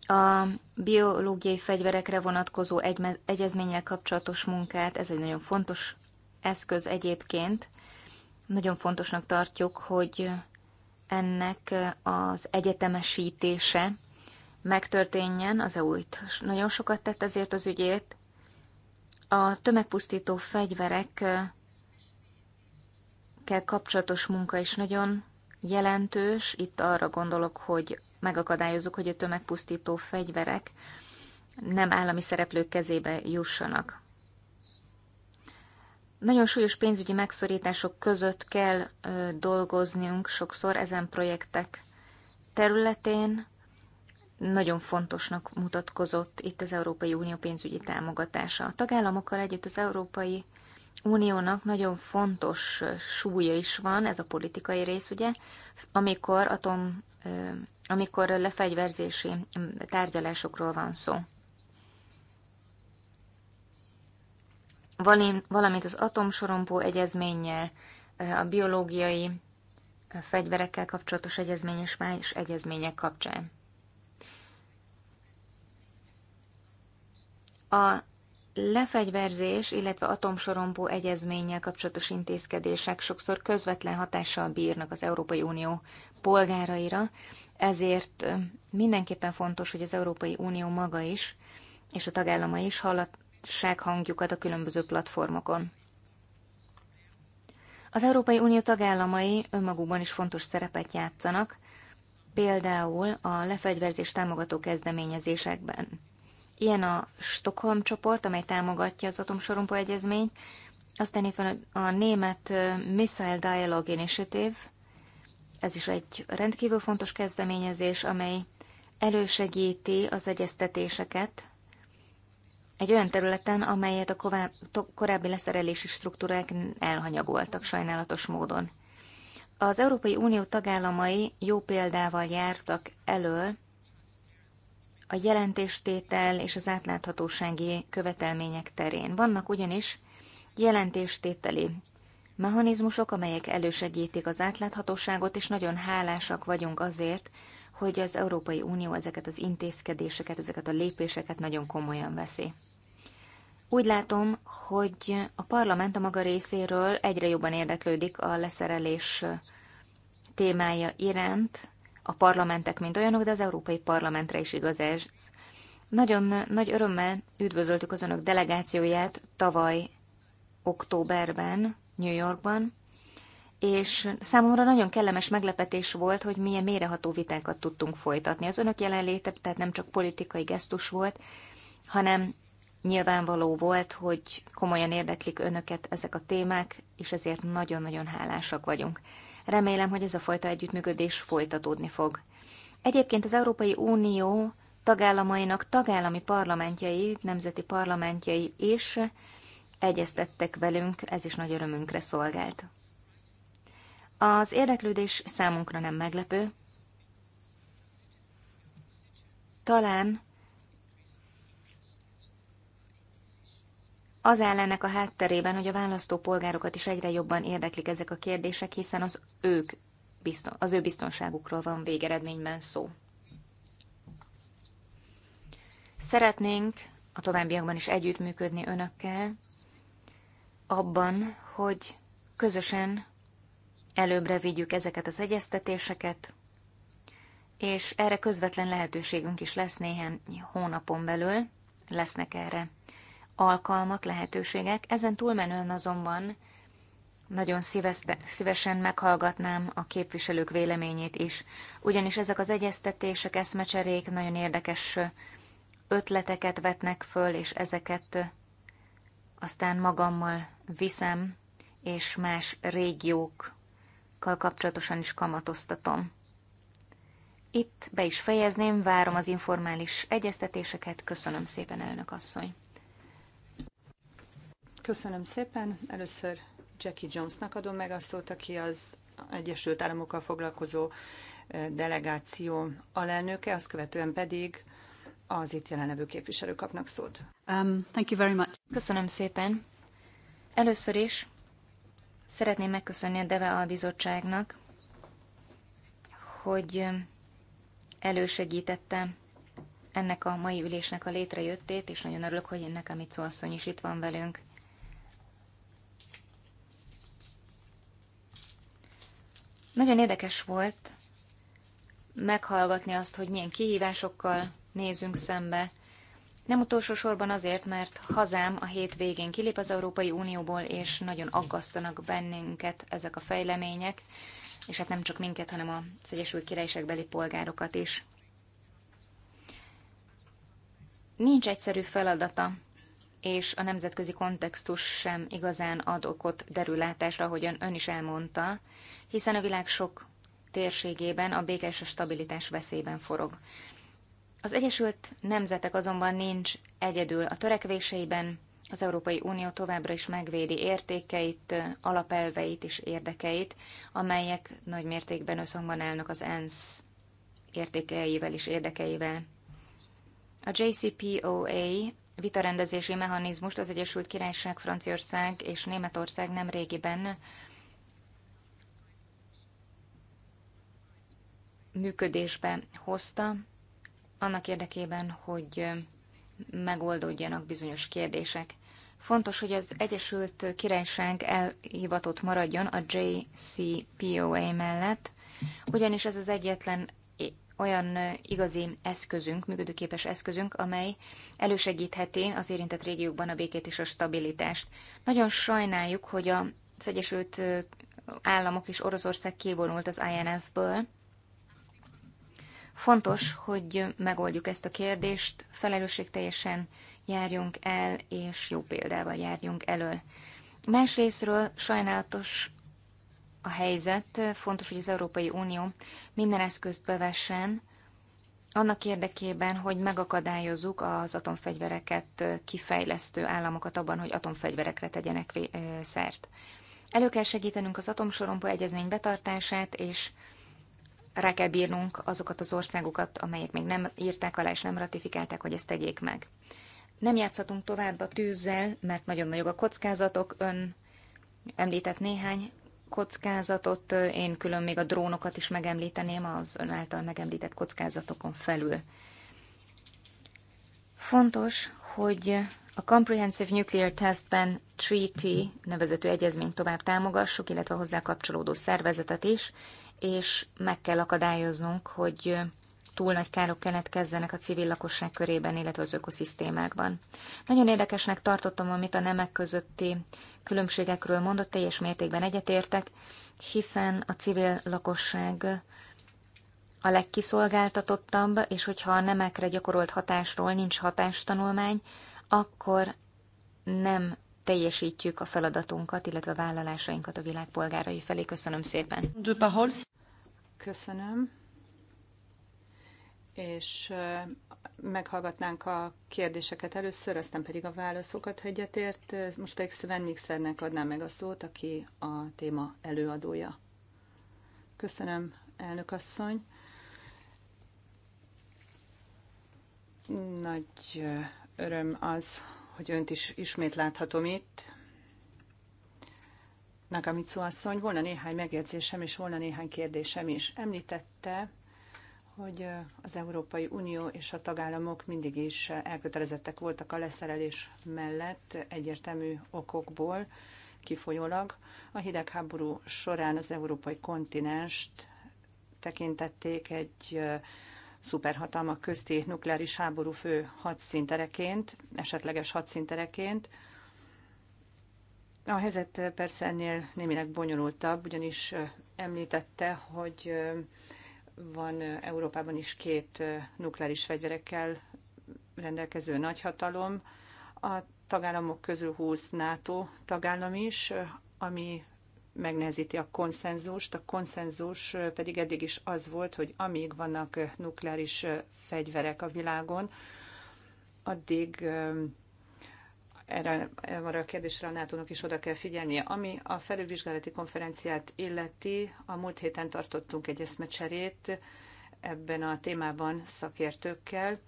a biológiai fegyverekre vonatkozó egy- egyezménnyel kapcsolatos munkát, ez egy nagyon fontos eszköz egyébként. Nagyon fontosnak tartjuk, hogy ennek az egyetemesítése megtörténjen. Az EU itt nagyon sokat tett ezért az ügyét. A tömegpusztító fegyverekkel kell kapcsolatos munka is nagyon jelentős. Itt arra gondolok, hogy megakadályozunk, hogy a tömegpusztító fegyverek nem állami szereplők kezébe jussanak. Nagyon súlyos pénzügyi megszorítások között kell ö, dolgoznunk sokszor ezen projektek területén nagyon fontosnak mutatkozott itt az Európai Unió pénzügyi támogatása. A tagállamokkal együtt az Európai Uniónak nagyon fontos súlya is van, ez a politikai rész, ugye, amikor atom, amikor lefegyverzési tárgyalásokról van szó. Valamint az atomsorompó egyezménnyel, a biológiai fegyverekkel kapcsolatos egyezmény és más egyezmények kapcsán. A lefegyverzés, illetve atomsorompó egyezménnyel kapcsolatos intézkedések sokszor közvetlen hatással bírnak az Európai Unió polgáraira, ezért mindenképpen fontos, hogy az Európai Unió maga is, és a tagállama is hallassák hangjukat a különböző platformokon. Az Európai Unió tagállamai önmagukban is fontos szerepet játszanak, például a lefegyverzés támogató kezdeményezésekben. Ilyen a Stockholm csoport, amely támogatja az atomsorompó egyezményt. Aztán itt van a német Missile Dialogue Initiative. Ez is egy rendkívül fontos kezdeményezés, amely elősegíti az egyeztetéseket egy olyan területen, amelyet a korábbi leszerelési struktúrák elhanyagoltak sajnálatos módon. Az Európai Unió tagállamai jó példával jártak elől, a jelentéstétel és az átláthatósági követelmények terén. Vannak ugyanis jelentéstételi mechanizmusok, amelyek elősegítik az átláthatóságot, és nagyon hálásak vagyunk azért, hogy az Európai Unió ezeket az intézkedéseket, ezeket a lépéseket nagyon komolyan veszi. Úgy látom, hogy a parlament a maga részéről egyre jobban érdeklődik a leszerelés témája iránt, a parlamentek, mint olyanok, de az Európai Parlamentre is igaz ez. Nagyon nagy örömmel üdvözöltük az önök delegációját tavaly októberben New Yorkban, és számomra nagyon kellemes meglepetés volt, hogy milyen méreható vitákat tudtunk folytatni. Az önök jelenléte tehát nem csak politikai gesztus volt, hanem nyilvánvaló volt, hogy komolyan érdeklik önöket ezek a témák, és ezért nagyon-nagyon hálásak vagyunk. Remélem, hogy ez a fajta együttműködés folytatódni fog. Egyébként az Európai Unió tagállamainak tagállami parlamentjei, nemzeti parlamentjei is egyeztettek velünk, ez is nagy örömünkre szolgált. Az érdeklődés számunkra nem meglepő. Talán az ellenek a hátterében, hogy a választópolgárokat is egyre jobban érdeklik ezek a kérdések, hiszen az, ők bizton, az ő biztonságukról van végeredményben szó. Szeretnénk a továbbiakban is együttműködni önökkel abban, hogy közösen előbbre vigyük ezeket az egyeztetéseket, és erre közvetlen lehetőségünk is lesz néhány hónapon belül, lesznek erre alkalmak, lehetőségek. Ezen túlmenően azonban nagyon szívesen meghallgatnám a képviselők véleményét is, ugyanis ezek az egyeztetések, eszmecserék nagyon érdekes ötleteket vetnek föl, és ezeket aztán magammal viszem, és más régiókkal kapcsolatosan is kamatoztatom. Itt be is fejezném, várom az informális egyeztetéseket. Köszönöm szépen, elnök asszony! Köszönöm szépen. Először Jackie Jonesnak adom meg a szót, aki az Egyesült Államokkal foglalkozó delegáció alelnöke, azt követően pedig az itt jelenlevő képviselők kapnak szót. Um, thank you very much. Köszönöm szépen. Először is szeretném megköszönni a DEVE albizottságnak, hogy elősegítette ennek a mai ülésnek a létrejöttét, és nagyon örülök, hogy ennek a Micó asszony is itt van velünk. Nagyon érdekes volt meghallgatni azt, hogy milyen kihívásokkal nézünk szembe. Nem utolsó sorban azért, mert hazám a hét végén kilép az Európai Unióból, és nagyon aggasztanak bennünket ezek a fejlemények, és hát nem csak minket, hanem az Egyesült beli polgárokat is. Nincs egyszerű feladata és a nemzetközi kontextus sem igazán ad okot derülátásra, ahogyan ön is elmondta, hiszen a világ sok térségében a békés a stabilitás veszélyben forog. Az Egyesült Nemzetek azonban nincs egyedül a törekvéseiben, az Európai Unió továbbra is megvédi értékeit, alapelveit és érdekeit, amelyek nagy mértékben összhangban állnak az ENSZ értékeivel és érdekeivel. A JCPOA vitarendezési mechanizmust az Egyesült Királyság, Franciaország és Németország nem régiben működésbe hozta, annak érdekében, hogy megoldódjanak bizonyos kérdések. Fontos, hogy az Egyesült Királyság elhivatott maradjon a JCPOA mellett, ugyanis ez az egyetlen olyan igazi eszközünk, működőképes eszközünk, amely elősegítheti az érintett régiókban a békét és a stabilitást. Nagyon sajnáljuk, hogy az Egyesült Államok és Oroszország kivonult az INF-ből. Fontos, hogy megoldjuk ezt a kérdést, felelősségteljesen járjunk el, és jó példával járjunk elől. Másrésztről sajnálatos a helyzet. Fontos, hogy az Európai Unió minden eszközt bevessen, annak érdekében, hogy megakadályozzuk az atomfegyvereket kifejlesztő államokat abban, hogy atomfegyverekre tegyenek szert. Elő kell segítenünk az atomsorompó egyezmény betartását, és rá kell bírnunk azokat az országokat, amelyek még nem írták alá és nem ratifikálták, hogy ezt tegyék meg. Nem játszhatunk tovább a tűzzel, mert nagyon nagyok a kockázatok, ön említett néhány kockázatot, én külön még a drónokat is megemlíteném az ön által megemlített kockázatokon felül. Fontos, hogy a Comprehensive Nuclear Testben Treaty nevezetű egyezményt tovább támogassuk, illetve hozzá kapcsolódó szervezetet is, és meg kell akadályoznunk, hogy túl nagy károk keletkezzenek a civil lakosság körében, illetve az ökoszisztémákban. Nagyon érdekesnek tartottam, amit a nemek közötti különbségekről mondott, teljes mértékben egyetértek, hiszen a civil lakosság a legkiszolgáltatottabb, és hogyha a nemekre gyakorolt hatásról nincs hatástanulmány, akkor nem teljesítjük a feladatunkat, illetve a vállalásainkat a világ polgárai felé. Köszönöm szépen. Köszönöm és meghallgatnánk a kérdéseket először, aztán pedig a válaszokat, ha egyetért. Most pedig Sven Mixernek adnám meg a szót, aki a téma előadója. Köszönöm, elnök asszony. Nagy öröm az, hogy önt is ismét láthatom itt. Nakamitsu asszony, volna néhány megjegyzésem és volna néhány kérdésem is. Említette, hogy az Európai Unió és a tagállamok mindig is elkötelezettek voltak a leszerelés mellett egyértelmű okokból kifolyólag. A hidegháború során az európai kontinenst tekintették egy szuperhatalma közti nukleáris háború fő hadszíntereként, esetleges hadszíntereként. A helyzet persze ennél némileg bonyolultabb, ugyanis említette, hogy van Európában is két nukleáris fegyverekkel rendelkező nagyhatalom. A tagállamok közül 20 NATO tagállam is, ami megnehezíti a konszenzust. A konszenzus pedig eddig is az volt, hogy amíg vannak nukleáris fegyverek a világon, addig erre, erre a kérdésre a nato is oda kell figyelnie. Ami a felülvizsgálati konferenciát illeti, a múlt héten tartottunk egy eszmecserét ebben a témában szakértőkkel,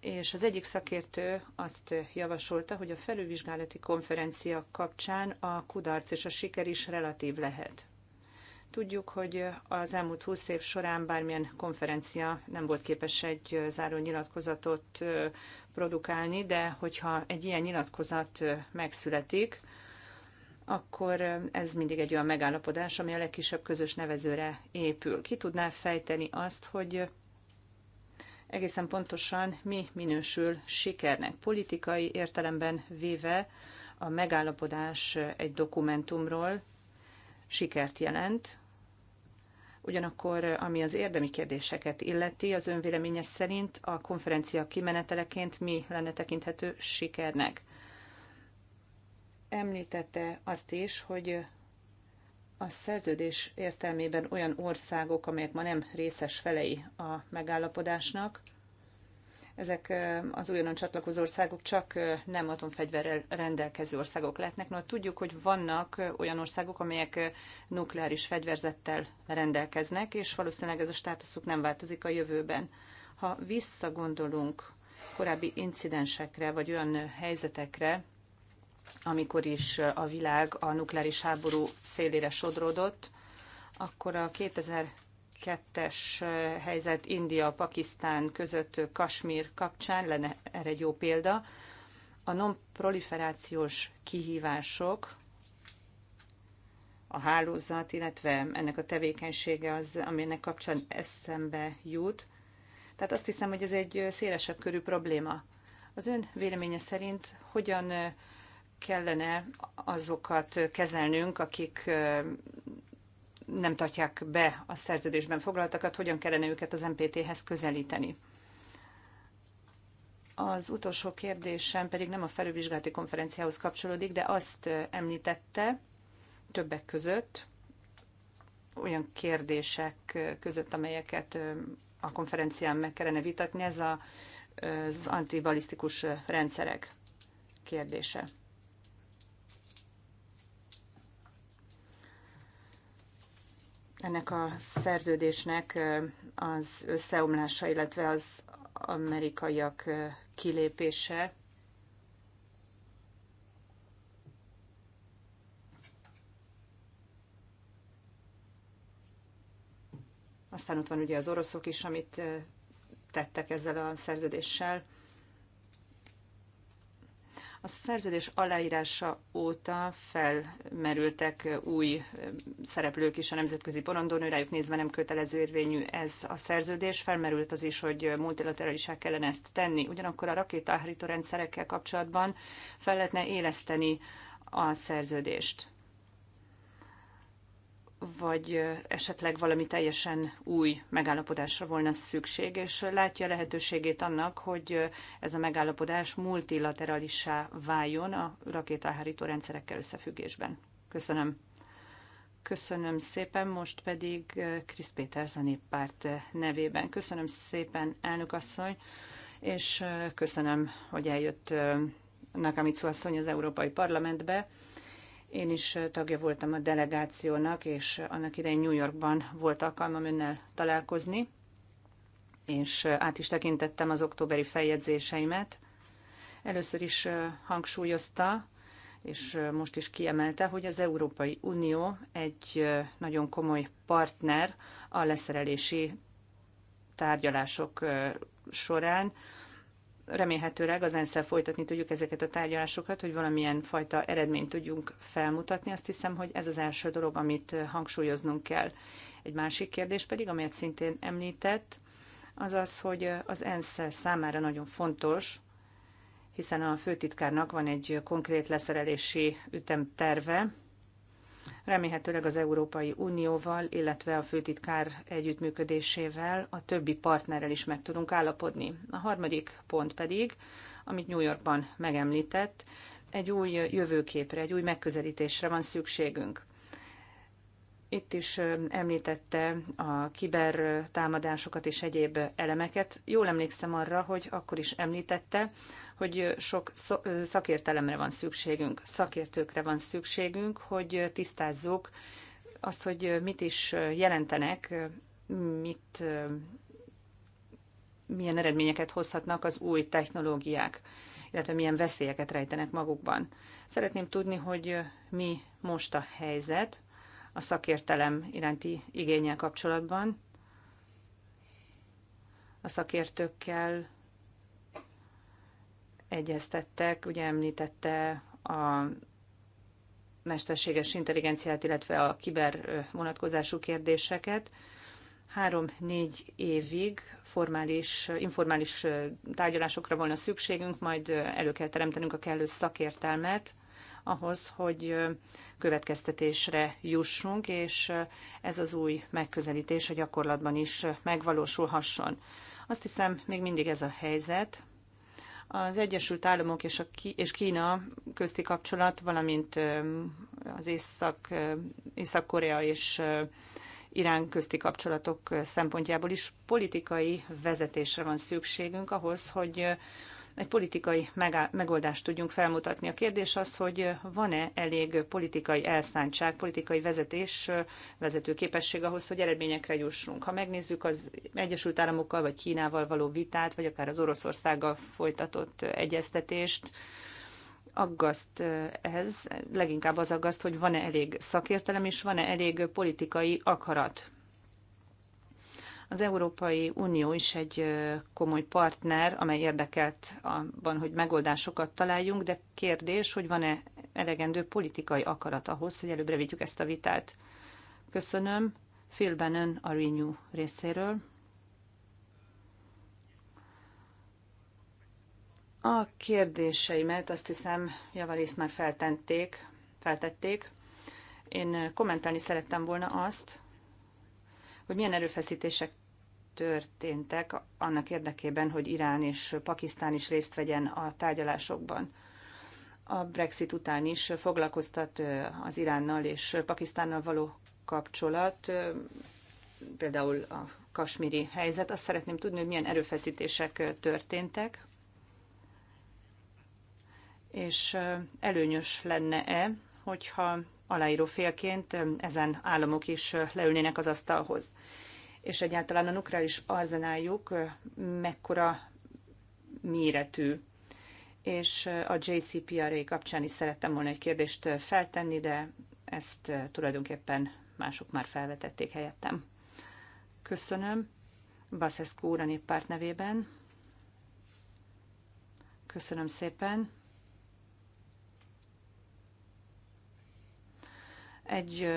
és az egyik szakértő azt javasolta, hogy a felülvizsgálati konferencia kapcsán a kudarc és a siker is relatív lehet. Tudjuk, hogy az elmúlt húsz év során bármilyen konferencia nem volt képes egy záró nyilatkozatot produkálni, de hogyha egy ilyen nyilatkozat megszületik, akkor ez mindig egy olyan megállapodás, ami a legkisebb közös nevezőre épül. Ki tudná fejteni azt, hogy egészen pontosan mi minősül sikernek. Politikai értelemben véve a megállapodás egy dokumentumról, sikert jelent. Ugyanakkor, ami az érdemi kérdéseket illeti, az önvéleménye szerint a konferencia kimeneteleként mi lenne tekinthető sikernek? Említette azt is, hogy a szerződés értelmében olyan országok, amelyek ma nem részes felei a megállapodásnak, ezek az újonnan csatlakozó országok csak nem atomfegyverrel rendelkező országok lehetnek. Na, tudjuk, hogy vannak olyan országok, amelyek nukleáris fegyverzettel rendelkeznek, és valószínűleg ez a státuszuk nem változik a jövőben. Ha visszagondolunk korábbi incidensekre, vagy olyan helyzetekre, amikor is a világ a nukleáris háború szélére sodródott, akkor a 2000 2022-es eh, helyzet India-Pakisztán között Kasmír kapcsán, lenne erre egy jó példa. A non-proliferációs kihívások, a hálózat, illetve ennek a tevékenysége az, aminek kapcsán eszembe jut. Tehát azt hiszem, hogy ez egy szélesebb körű probléma. Az ön véleménye szerint hogyan eh, kellene azokat kezelnünk, akik eh, nem tartják be a szerződésben foglaltakat, hogyan kellene őket az MPT-hez közelíteni. Az utolsó kérdésem pedig nem a felülvizsgálati konferenciához kapcsolódik, de azt említette többek között, olyan kérdések között, amelyeket a konferencián meg kellene vitatni, ez a, az antibalisztikus rendszerek kérdése. ennek a szerződésnek az összeomlása, illetve az amerikaiak kilépése Aztán ott van ugye az oroszok is, amit tettek ezzel a szerződéssel. A szerződés aláírása óta felmerültek új szereplők is a nemzetközi porondon, rájuk nézve nem kötelező érvényű ez a szerződés. Felmerült az is, hogy multilaterálisá kellene ezt tenni. Ugyanakkor a rakétahárító rendszerekkel kapcsolatban fel lehetne éleszteni a szerződést vagy esetleg valami teljesen új megállapodásra volna szükség, és látja lehetőségét annak, hogy ez a megállapodás multilateralissá váljon a rakétahárító rendszerekkel összefüggésben. Köszönöm. Köszönöm szépen, most pedig Krisz Péter zenéppárt nevében. Köszönöm szépen, elnök asszony, és köszönöm, hogy eljött Nakamitsu asszony az Európai Parlamentbe én is tagja voltam a delegációnak, és annak idején New Yorkban volt alkalmam önnel találkozni, és át is tekintettem az októberi feljegyzéseimet. Először is hangsúlyozta, és most is kiemelte, hogy az Európai Unió egy nagyon komoly partner a leszerelési tárgyalások során, remélhetőleg az ensz folytatni tudjuk ezeket a tárgyalásokat, hogy valamilyen fajta eredményt tudjunk felmutatni. Azt hiszem, hogy ez az első dolog, amit hangsúlyoznunk kell. Egy másik kérdés pedig, amelyet szintén említett, az az, hogy az ENSZ számára nagyon fontos, hiszen a főtitkárnak van egy konkrét leszerelési ütemterve, remélhetőleg az Európai Unióval, illetve a főtitkár együttműködésével a többi partnerrel is meg tudunk állapodni. A harmadik pont pedig, amit New Yorkban megemlített, egy új jövőképre, egy új megközelítésre van szükségünk. Itt is említette a kiber támadásokat és egyéb elemeket. Jól emlékszem arra, hogy akkor is említette, hogy sok szakértelemre van szükségünk, szakértőkre van szükségünk, hogy tisztázzuk azt, hogy mit is jelentenek, mit, milyen eredményeket hozhatnak az új technológiák, illetve milyen veszélyeket rejtenek magukban. Szeretném tudni, hogy mi most a helyzet a szakértelem iránti igényel kapcsolatban, a szakértőkkel egyeztettek. Ugye említette a mesterséges intelligenciát, illetve a kiber vonatkozású kérdéseket. Három-négy évig formális, informális tárgyalásokra volna szükségünk, majd elő kell teremtenünk a kellő szakértelmet ahhoz, hogy következtetésre jussunk, és ez az új megközelítés a gyakorlatban is megvalósulhasson. Azt hiszem, még mindig ez a helyzet, az Egyesült Államok és, a Ki- és Kína közti kapcsolat, valamint az Észak- Észak-Korea és Irán közti kapcsolatok szempontjából is politikai vezetésre van szükségünk ahhoz, hogy egy politikai megoldást tudjunk felmutatni. A kérdés az, hogy van-e elég politikai elszántság, politikai vezetés, vezető képesség ahhoz, hogy eredményekre jussunk. Ha megnézzük az Egyesült Államokkal vagy Kínával való vitát, vagy akár az Oroszországgal folytatott egyeztetést, aggaszt eh, ehhez, leginkább az aggaszt, hogy van-e elég szakértelem és van-e elég politikai akarat az Európai Unió is egy komoly partner, amely érdekelt abban, hogy megoldásokat találjunk, de kérdés, hogy van-e elegendő politikai akarat ahhoz, hogy előbbre vigyük ezt a vitát. Köszönöm. Phil Bannon a Renew részéről. A kérdéseimet azt hiszem javarészt már feltették. feltették. Én kommentálni szerettem volna azt, hogy milyen erőfeszítések történtek annak érdekében, hogy Irán és Pakisztán is részt vegyen a tárgyalásokban. A Brexit után is foglalkoztat az Iránnal és Pakisztánnal való kapcsolat, például a kasmiri helyzet. Azt szeretném tudni, hogy milyen erőfeszítések történtek, és előnyös lenne-e, hogyha aláíró félként ezen államok is leülnének az asztalhoz. És egyáltalán a nukleáris arzenáljuk mekkora méretű. És a JCPRA kapcsán is szerettem volna egy kérdést feltenni, de ezt tulajdonképpen mások már felvetették helyettem. Köszönöm. Baszeszkó úr a néppárt nevében. Köszönöm szépen. Egy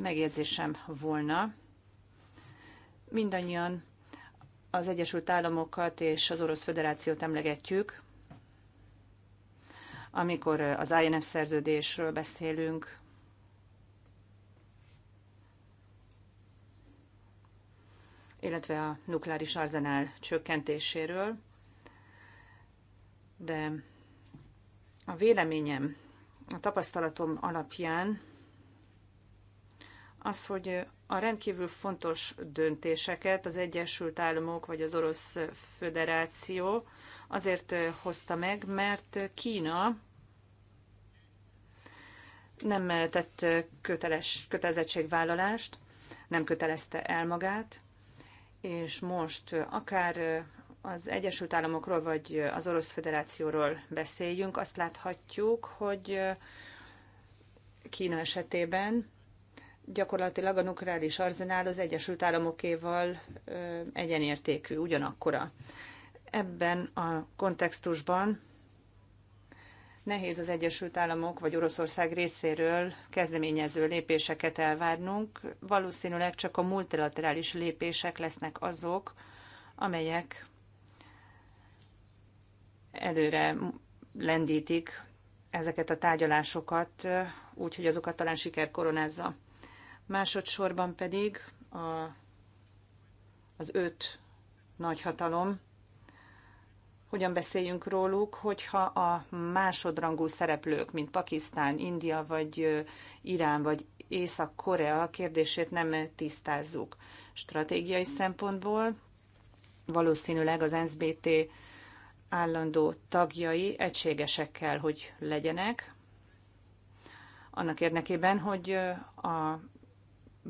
megjegyzésem volna. Mindannyian az Egyesült Államokat és az Orosz Föderációt emlegetjük, amikor az INF szerződésről beszélünk, illetve a nukleáris arzenál csökkentéséről, de a véleményem, a tapasztalatom alapján az, hogy a rendkívül fontos döntéseket az Egyesült Államok vagy az Orosz Föderáció azért hozta meg, mert Kína nem tett köteles, kötelezettségvállalást, nem kötelezte el magát, és most akár az Egyesült Államokról vagy az Orosz Föderációról beszéljünk, azt láthatjuk, hogy Kína esetében gyakorlatilag a nukleáris arzenál az Egyesült Államokéval egyenértékű, ugyanakkora. Ebben a kontextusban nehéz az Egyesült Államok vagy Oroszország részéről kezdeményező lépéseket elvárnunk. Valószínűleg csak a multilaterális lépések lesznek azok, amelyek előre lendítik ezeket a tárgyalásokat, úgyhogy azokat talán siker koronázza másodszorban pedig a, az öt nagyhatalom, hogyan beszéljünk róluk, hogyha a másodrangú szereplők, mint Pakisztán, India vagy Irán vagy Észak-Korea kérdését nem tisztázzuk. Stratégiai szempontból valószínűleg az NSBT állandó tagjai egységesek kell, hogy legyenek, annak érdekében, hogy a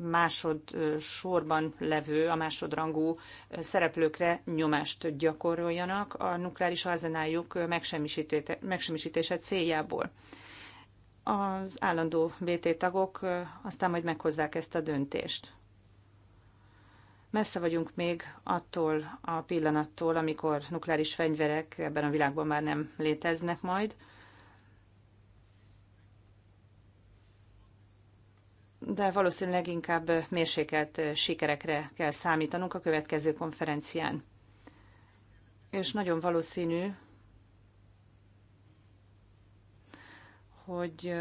másod sorban levő, a másodrangú szereplőkre nyomást gyakoroljanak a nukleáris arzenáljuk megsemmisítése céljából. Az állandó BT tagok aztán majd meghozzák ezt a döntést. Messze vagyunk még attól a pillanattól, amikor nukleáris fegyverek ebben a világban már nem léteznek majd, de valószínűleg inkább mérsékelt sikerekre kell számítanunk a következő konferencián. És nagyon valószínű, hogy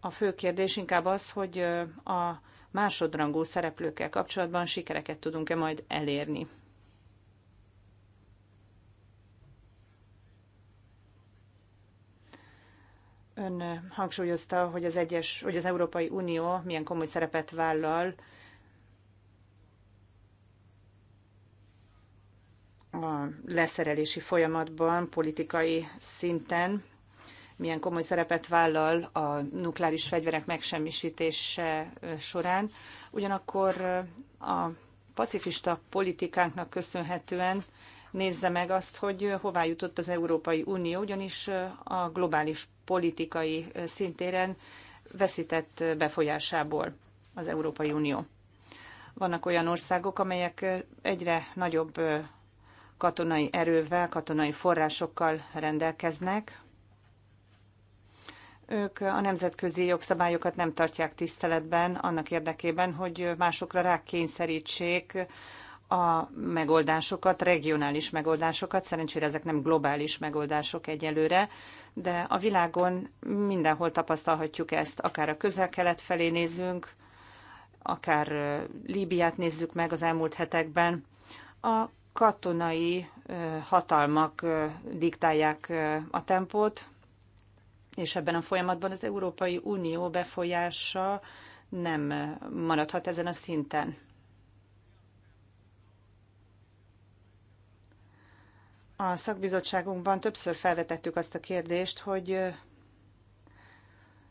a fő kérdés inkább az, hogy a másodrangú szereplőkkel kapcsolatban sikereket tudunk-e majd elérni. Ön hangsúlyozta, hogy az, egyes, hogy az Európai Unió milyen komoly szerepet vállal a leszerelési folyamatban, politikai szinten, milyen komoly szerepet vállal a nukleáris fegyverek megsemmisítése során. Ugyanakkor a pacifista politikánknak köszönhetően nézze meg azt, hogy hová jutott az Európai Unió, ugyanis a globális politikai szintéren veszített befolyásából az Európai Unió. Vannak olyan országok, amelyek egyre nagyobb katonai erővel, katonai forrásokkal rendelkeznek. Ők a nemzetközi jogszabályokat nem tartják tiszteletben annak érdekében, hogy másokra rákényszerítsék a megoldásokat, regionális megoldásokat, szerencsére ezek nem globális megoldások egyelőre, de a világon mindenhol tapasztalhatjuk ezt, akár a közel-kelet felé nézünk, akár Líbiát nézzük meg az elmúlt hetekben. A katonai hatalmak diktálják a tempót, és ebben a folyamatban az Európai Unió befolyása nem maradhat ezen a szinten a szakbizottságunkban többször felvetettük azt a kérdést, hogy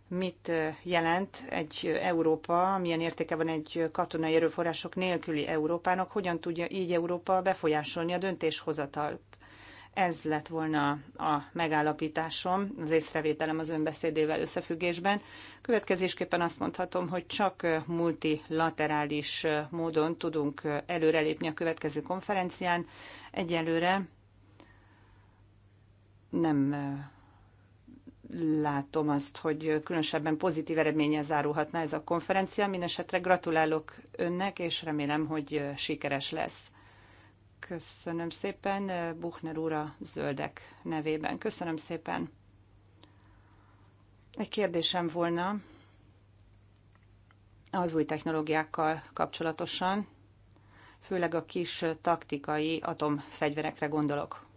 mit jelent egy Európa, milyen értéke van egy katonai erőforrások nélküli Európának, hogyan tudja így Európa befolyásolni a döntéshozatalt. Ez lett volna a megállapításom, az észrevételem az önbeszédével összefüggésben. Következésképpen azt mondhatom, hogy csak multilaterális módon tudunk előrelépni a következő konferencián. Egyelőre nem eh, látom azt, hogy különösebben pozitív eredménye zárulhatna ez a konferencia. Mindenesetre gratulálok önnek, és remélem, hogy eh, sikeres lesz. Köszönöm szépen eh, Buchner úr a zöldek nevében. Köszönöm szépen. Egy kérdésem volna az új technológiákkal kapcsolatosan, főleg a kis taktikai atomfegyverekre gondolok.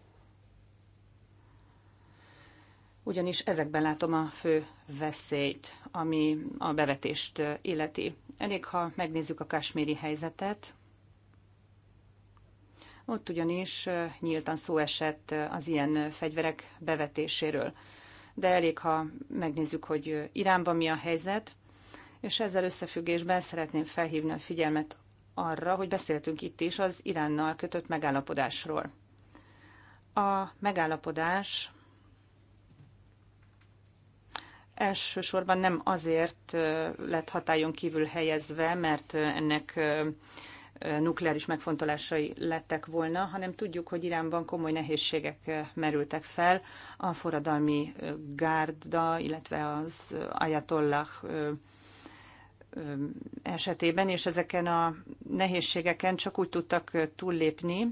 ugyanis ezekben látom a fő veszélyt, ami a bevetést illeti. Elég, ha megnézzük a kasméri helyzetet, ott ugyanis nyíltan szó esett az ilyen fegyverek bevetéséről. De elég, ha megnézzük, hogy Iránban mi a helyzet, és ezzel összefüggésben szeretném felhívni a figyelmet arra, hogy beszéltünk itt is az Iránnal kötött megállapodásról. A megállapodás elsősorban nem azért lett hatályon kívül helyezve, mert ennek nukleáris megfontolásai lettek volna, hanem tudjuk, hogy Iránban komoly nehézségek merültek fel. A forradalmi gárda, illetve az Ayatollah esetében, és ezeken a nehézségeken csak úgy tudtak túllépni,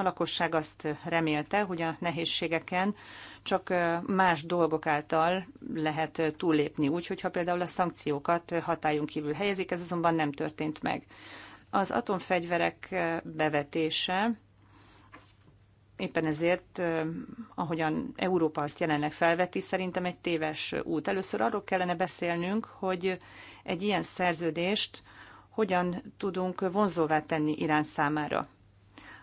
a lakosság azt remélte, hogy a nehézségeken csak más dolgok által lehet túllépni, úgy, hogyha például a szankciókat hatályunk kívül helyezik, ez azonban nem történt meg. Az atomfegyverek bevetése éppen ezért, ahogyan Európa azt jelenleg felveti, szerintem egy téves út. Először arról kellene beszélnünk, hogy egy ilyen szerződést hogyan tudunk vonzóvá tenni Irán számára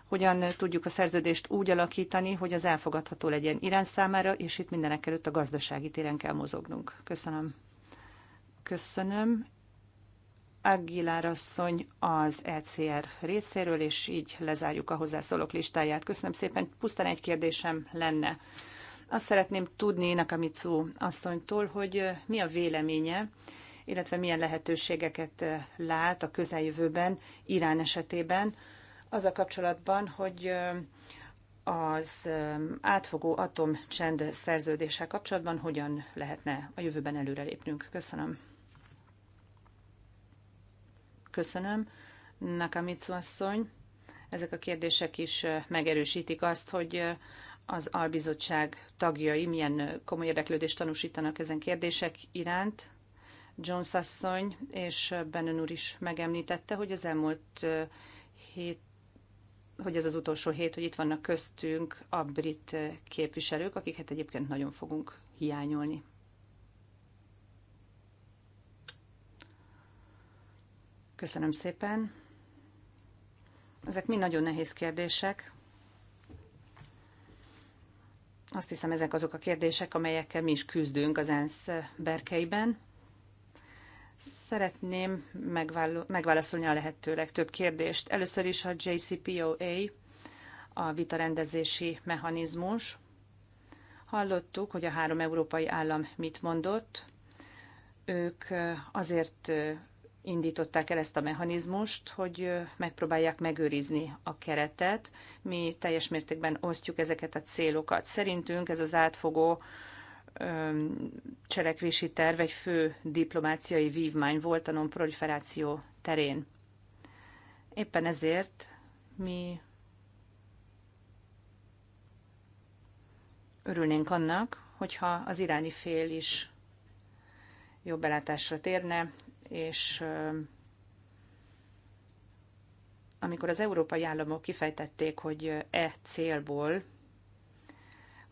hogyan tudjuk a szerződést úgy alakítani, hogy az elfogadható legyen Irán számára, és itt mindenek előtt a gazdasági téren kell mozognunk. Köszönöm. Köszönöm. Aguilar asszony az ECR részéről, és így lezárjuk a hozzászólók listáját. Köszönöm szépen. Pusztán egy kérdésem lenne. Azt szeretném tudni Nakamitsu asszonytól, hogy mi a véleménye, illetve milyen lehetőségeket lát a közeljövőben Irán esetében, az a kapcsolatban, hogy az átfogó atomcsend szerződéssel kapcsolatban hogyan lehetne a jövőben előrelépnünk. Köszönöm. Köszönöm. Nakamitsu asszony, ezek a kérdések is megerősítik azt, hogy az albizottság tagjai milyen komoly érdeklődést tanúsítanak ezen kérdések iránt. Jones asszony és Bennon úr is megemlítette, hogy az elmúlt hét hogy ez az utolsó hét, hogy itt vannak köztünk a brit képviselők, akiket egyébként nagyon fogunk hiányolni. Köszönöm szépen. Ezek mind nagyon nehéz kérdések. Azt hiszem, ezek azok a kérdések, amelyekkel mi is küzdünk az ENSZ berkeiben. Szeretném megválaszolni a lehető legtöbb kérdést. Először is a JCPOA, a vitarendezési mechanizmus. Hallottuk, hogy a három európai állam mit mondott. Ők azért indították el ezt a mechanizmust, hogy megpróbálják megőrizni a keretet. Mi teljes mértékben osztjuk ezeket a célokat. Szerintünk ez az átfogó cselekvési terv egy fő diplomáciai vívmány volt a nonproliferáció terén. Éppen ezért mi örülnénk annak, hogyha az iráni fél is jobb belátásra térne, és amikor az európai államok kifejtették, hogy e célból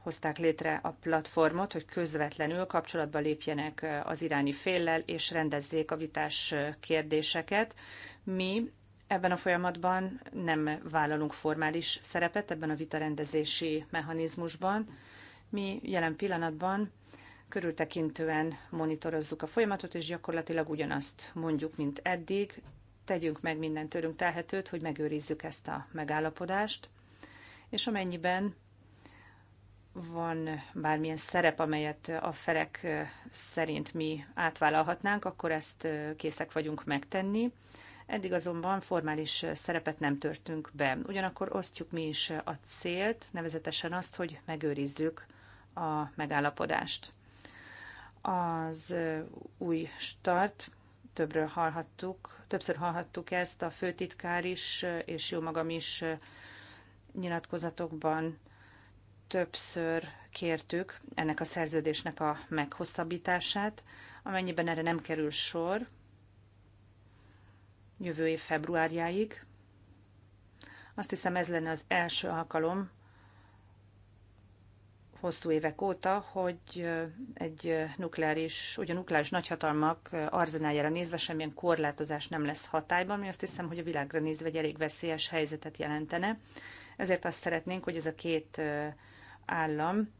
hozták létre a platformot, hogy közvetlenül kapcsolatba lépjenek eh, az iráni féllel, és rendezzék a vitás eh, kérdéseket. Mi ebben a folyamatban nem vállalunk formális szerepet ebben a vitarendezési mechanizmusban. Mi jelen pillanatban körültekintően monitorozzuk a folyamatot, és gyakorlatilag ugyanazt mondjuk, mint eddig. Tegyünk meg minden tőlünk telhetőt, hogy megőrizzük ezt a megállapodást, és amennyiben van bármilyen szerep, amelyet a felek szerint mi átvállalhatnánk, akkor ezt készek vagyunk megtenni. Eddig azonban formális szerepet nem törtünk be. Ugyanakkor osztjuk mi is a célt, nevezetesen azt, hogy megőrizzük a megállapodást. Az új start, többről hallhattuk, többször hallhattuk ezt, a főtitkár is, és jó magam is nyilatkozatokban többször kértük ennek a szerződésnek a meghosszabbítását, amennyiben erre nem kerül sor jövő év februárjáig. Azt hiszem ez lenne az első alkalom hosszú évek óta, hogy egy nukleáris, ugye a nukleáris nagyhatalmak arzenáljára nézve semmilyen korlátozás nem lesz hatályban, mi azt hiszem, hogy a világra nézve egy elég veszélyes helyzetet jelentene. Ezért azt szeretnénk, hogy ez a két állam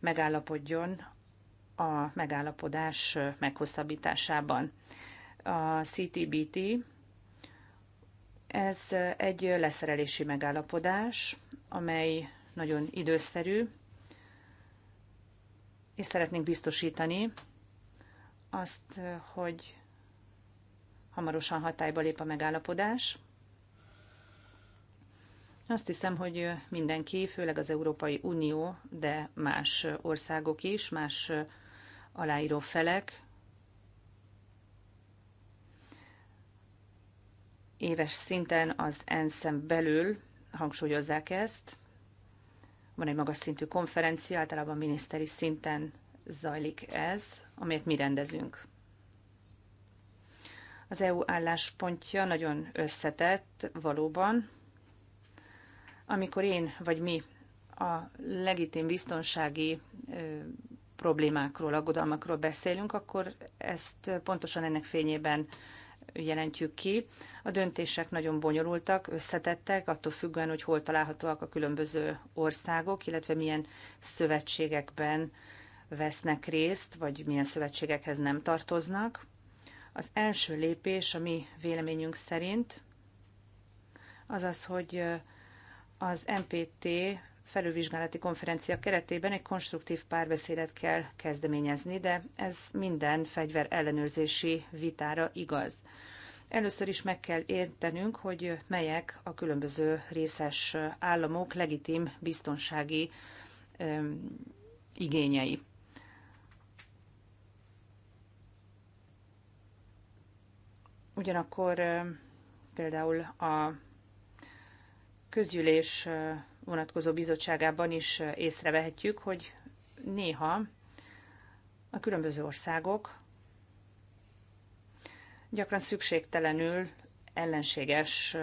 megállapodjon a megállapodás meghosszabbításában. A CTBT, ez egy leszerelési megállapodás, amely nagyon időszerű, és szeretnénk biztosítani azt, hogy hamarosan hatályba lép a megállapodás, azt hiszem, hogy mindenki, főleg az Európai Unió, de más országok is, más aláíró felek éves szinten az ENSZ-en belül hangsúlyozzák ezt. Van egy magas szintű konferencia, általában miniszteri szinten zajlik ez, amelyet mi rendezünk. Az EU álláspontja nagyon összetett, valóban, amikor én vagy mi a legitim biztonsági problémákról, aggodalmakról beszélünk, akkor ezt pontosan ennek fényében jelentjük ki. A döntések nagyon bonyolultak, összetettek, attól függően, hogy hol találhatóak a különböző országok, illetve milyen szövetségekben vesznek részt, vagy milyen szövetségekhez nem tartoznak. Az első lépés a mi véleményünk szerint az az, hogy az MPT felülvizsgálati konferencia keretében egy konstruktív párbeszédet kell kezdeményezni, de ez minden fegyver ellenőrzési vitára igaz. Először is meg kell értenünk, hogy melyek a különböző részes államok legitim biztonsági öm, igényei. Ugyanakkor például a közgyűlés vonatkozó bizottságában is észrevehetjük, hogy néha a különböző országok gyakran szükségtelenül ellenséges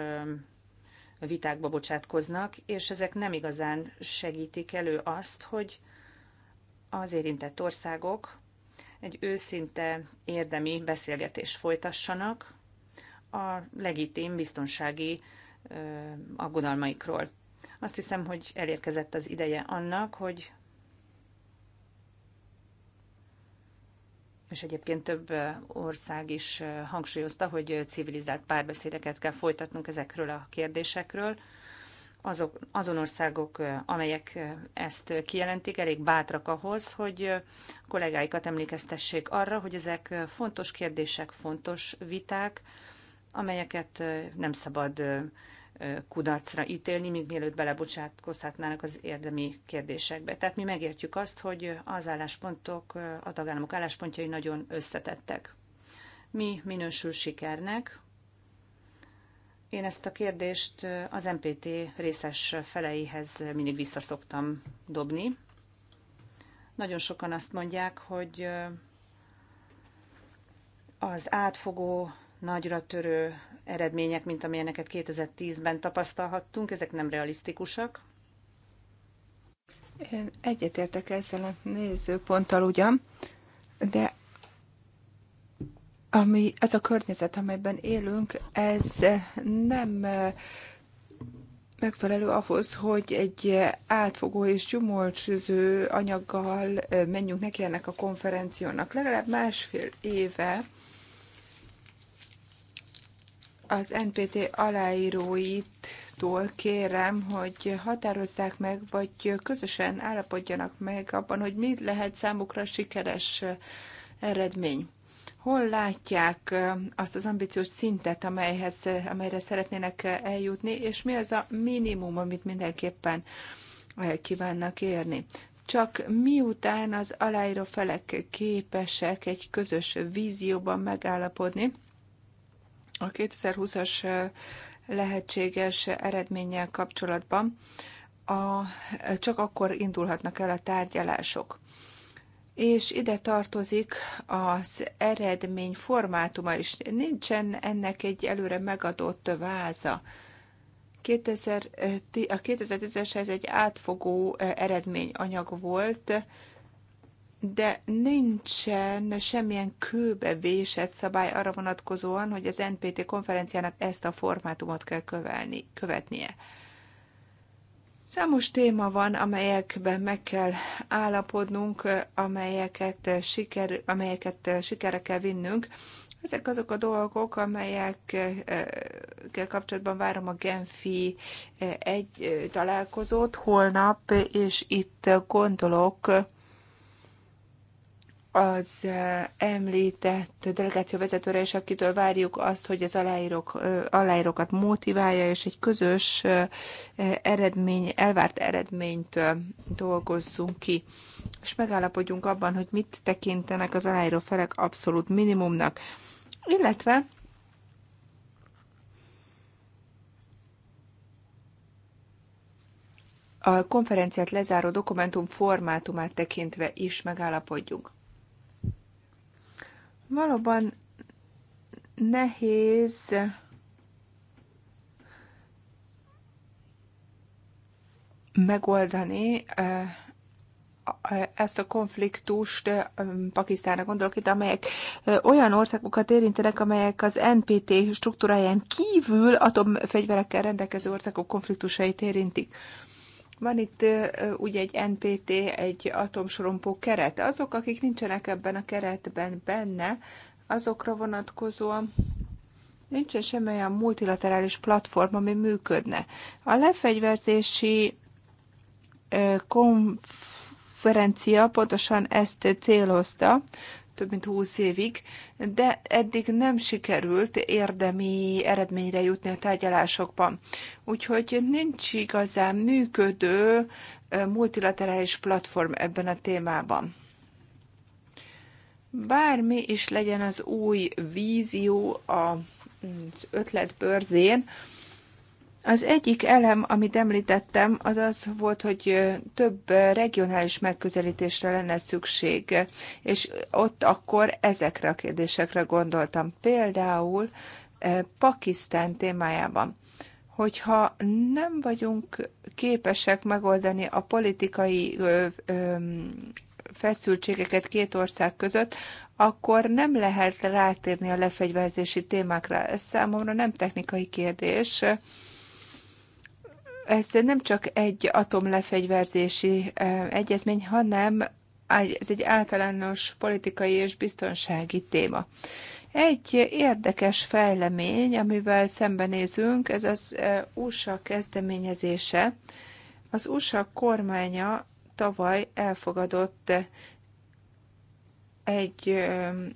vitákba bocsátkoznak, és ezek nem igazán segítik elő azt, hogy az érintett országok egy őszinte érdemi beszélgetést folytassanak a legitim biztonsági aggodalmaikról. Azt hiszem, hogy elérkezett az ideje annak, hogy és egyébként több ország is hangsúlyozta, hogy civilizált párbeszédeket kell folytatnunk ezekről a kérdésekről. Azok, azon országok, amelyek ezt kijelentik, elég bátrak ahhoz, hogy kollégáikat emlékeztessék arra, hogy ezek fontos kérdések, fontos viták, amelyeket nem szabad kudarcra ítélni, míg mielőtt belebocsátkozhatnának az érdemi kérdésekbe. Tehát mi megértjük azt, hogy az álláspontok, a tagállamok álláspontjai nagyon összetettek. Mi minősül sikernek? Én ezt a kérdést az MPT részes feleihez mindig visszaszoktam dobni. Nagyon sokan azt mondják, hogy az átfogó nagyra törő eredmények, mint amilyeneket 2010-ben tapasztalhattunk, ezek nem realisztikusak. Én egyetértek ezzel a nézőponttal ugyan, de ami, ez a környezet, amelyben élünk, ez nem megfelelő ahhoz, hogy egy átfogó és gyümölcsöző anyaggal menjünk neki ennek a konferenciónak. Legalább másfél éve az NPT aláíróitól kérem, hogy határozzák meg, vagy közösen állapodjanak meg abban, hogy mi lehet számukra sikeres eh, eredmény. Hol látják eh, azt az ambíciós szintet, amelyhez, amelyre szeretnének eh, eljutni, és mi az a minimum, amit mindenképpen kívánnak érni? csak miután az aláíró felek képesek egy közös vízióban megállapodni, a 2020-as lehetséges eredménnyel kapcsolatban a, csak akkor indulhatnak el a tárgyalások. És ide tartozik az eredmény formátuma is. Nincsen ennek egy előre megadott váza. 2000, a 2010-es ez egy átfogó eredményanyag volt, de nincsen semmilyen kőbe vésett szabály arra vonatkozóan, hogy az NPT konferenciának ezt a formátumot kell kövelni, követnie. Számos téma van, amelyekben meg kell állapodnunk, amelyeket, siker, amelyeket sikerre kell vinnünk. Ezek azok a dolgok, amelyekkel kapcsolatban várom a Genfi eh, egy eh, találkozót holnap, és itt gondolok az eh, említett delegáció vezetőre, és akitől várjuk azt, hogy az aláírók, aláírókat motiválja, és egy közös eh, eh, eredmény, elvárt eredményt dolgozzunk ki. És megállapodjunk abban, hogy mit tekintenek az aláíró felek abszolút minimumnak. Illetve a konferenciát lezáró dokumentum formátumát tekintve is megállapodjunk. Valóban nehéz megoldani eh, ezt a konfliktust, eh, Pakisztánra gondolok itt, amelyek eh, olyan országokat érintenek, amelyek az NPT struktúráján kívül atomfegyverekkel rendelkező országok konfliktusait érintik. Van itt ugye egy NPT, egy atomsorompó keret. Azok, akik nincsenek ebben a keretben benne, azokra vonatkozóan nincsen semmilyen multilaterális platform, ami működne. A lefegyverzési konferencia pontosan ezt célozta, több mint húsz évig, de eddig nem sikerült érdemi eredményre jutni a tárgyalásokban. Úgyhogy nincs igazán működő multilaterális platform ebben a témában. Bármi is legyen az új vízió az mm, ötletbörzén, az egyik elem, amit említettem, az az volt, hogy több regionális megközelítésre lenne szükség, és ott akkor ezekre a kérdésekre gondoltam. Például Pakisztán témájában hogyha nem vagyunk képesek megoldani a politikai feszültségeket két ország között, akkor nem lehet rátérni a lefegyverzési témákra. Ez számomra nem technikai kérdés, ez nem csak egy atomlefegyverzési egyezmény, hanem ez egy általános politikai és biztonsági téma. Egy érdekes fejlemény, amivel szembenézünk, ez az USA kezdeményezése. Az USA kormánya tavaly elfogadott egy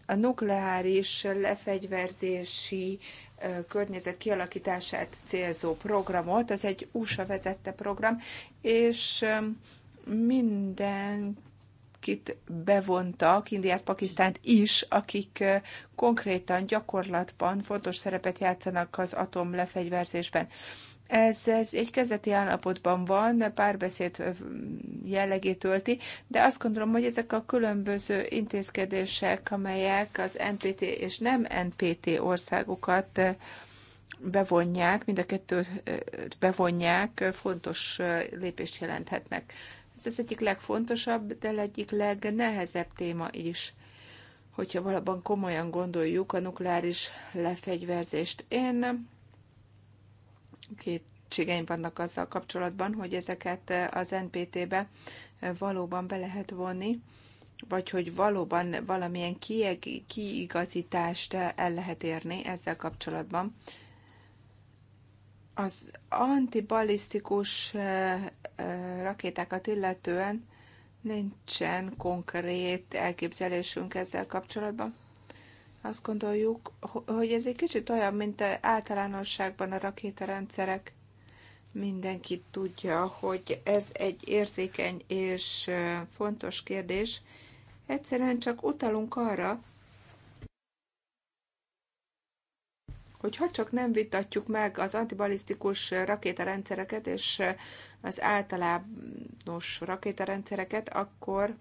a nukleáris lefegyverzési környezet kialakítását célzó programot. Ez egy USA vezette program, és mindenkit bevontak, Indiát, Pakisztánt is, akik konkrétan, gyakorlatban fontos szerepet játszanak az atom lefegyverzésben. Ez, ez egy kezdeti állapotban van, párbeszéd jellegét ölti, de azt gondolom, hogy ezek a különböző intézkedések, amelyek az NPT és nem NPT országokat bevonják, mind a kettőt bevonják, fontos lépést jelenthetnek. Ez az egyik legfontosabb, de egyik legnehezebb téma is hogyha valóban komolyan gondoljuk a nukleáris lefegyverzést. Én kétségeim vannak azzal kapcsolatban, hogy ezeket eh, az NPT-be eh, valóban be lehet vonni, vagy hogy valóban valamilyen kiigazítást el lehet érni ezzel kapcsolatban. Az antibalisztikus eh, rakétákat illetően nincsen konkrét elképzelésünk ezzel kapcsolatban. Azt gondoljuk, hogy ez egy kicsit olyan, mint általánosságban a rakétarendszerek. Mindenki tudja, hogy ez egy érzékeny és fontos kérdés. Egyszerűen csak utalunk arra, hogy ha csak nem vitatjuk meg az antibalisztikus rakétarendszereket és az általános rakétarendszereket, akkor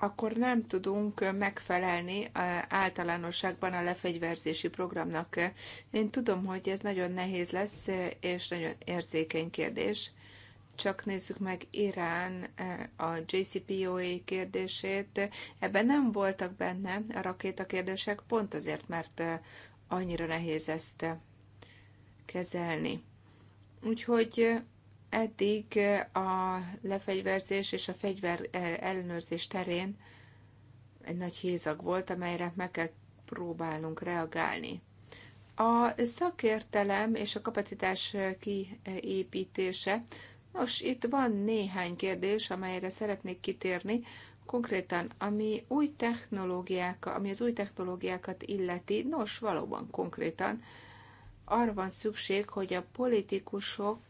akkor nem tudunk megfelelni általánosságban a lefegyverzési programnak. Én tudom, hogy ez nagyon nehéz lesz, és nagyon érzékeny kérdés. Csak nézzük meg Irán a JCPOA kérdését. Ebben nem voltak benne a rakétakérdések, kérdések, pont azért, mert annyira nehéz ezt kezelni. Úgyhogy Eddig eh, a lefegyverzés és a fegyver eh, ellenőrzés terén egy nagy hézag volt, amelyre meg kell próbálnunk reagálni. A szakértelem és a kapacitás eh, kiépítése. Nos, itt van néhány kérdés, amelyre szeretnék kitérni, konkrétan, ami új technológiák, ami az új technológiákat illeti, nos, valóban konkrétan, arra van szükség, hogy a politikusok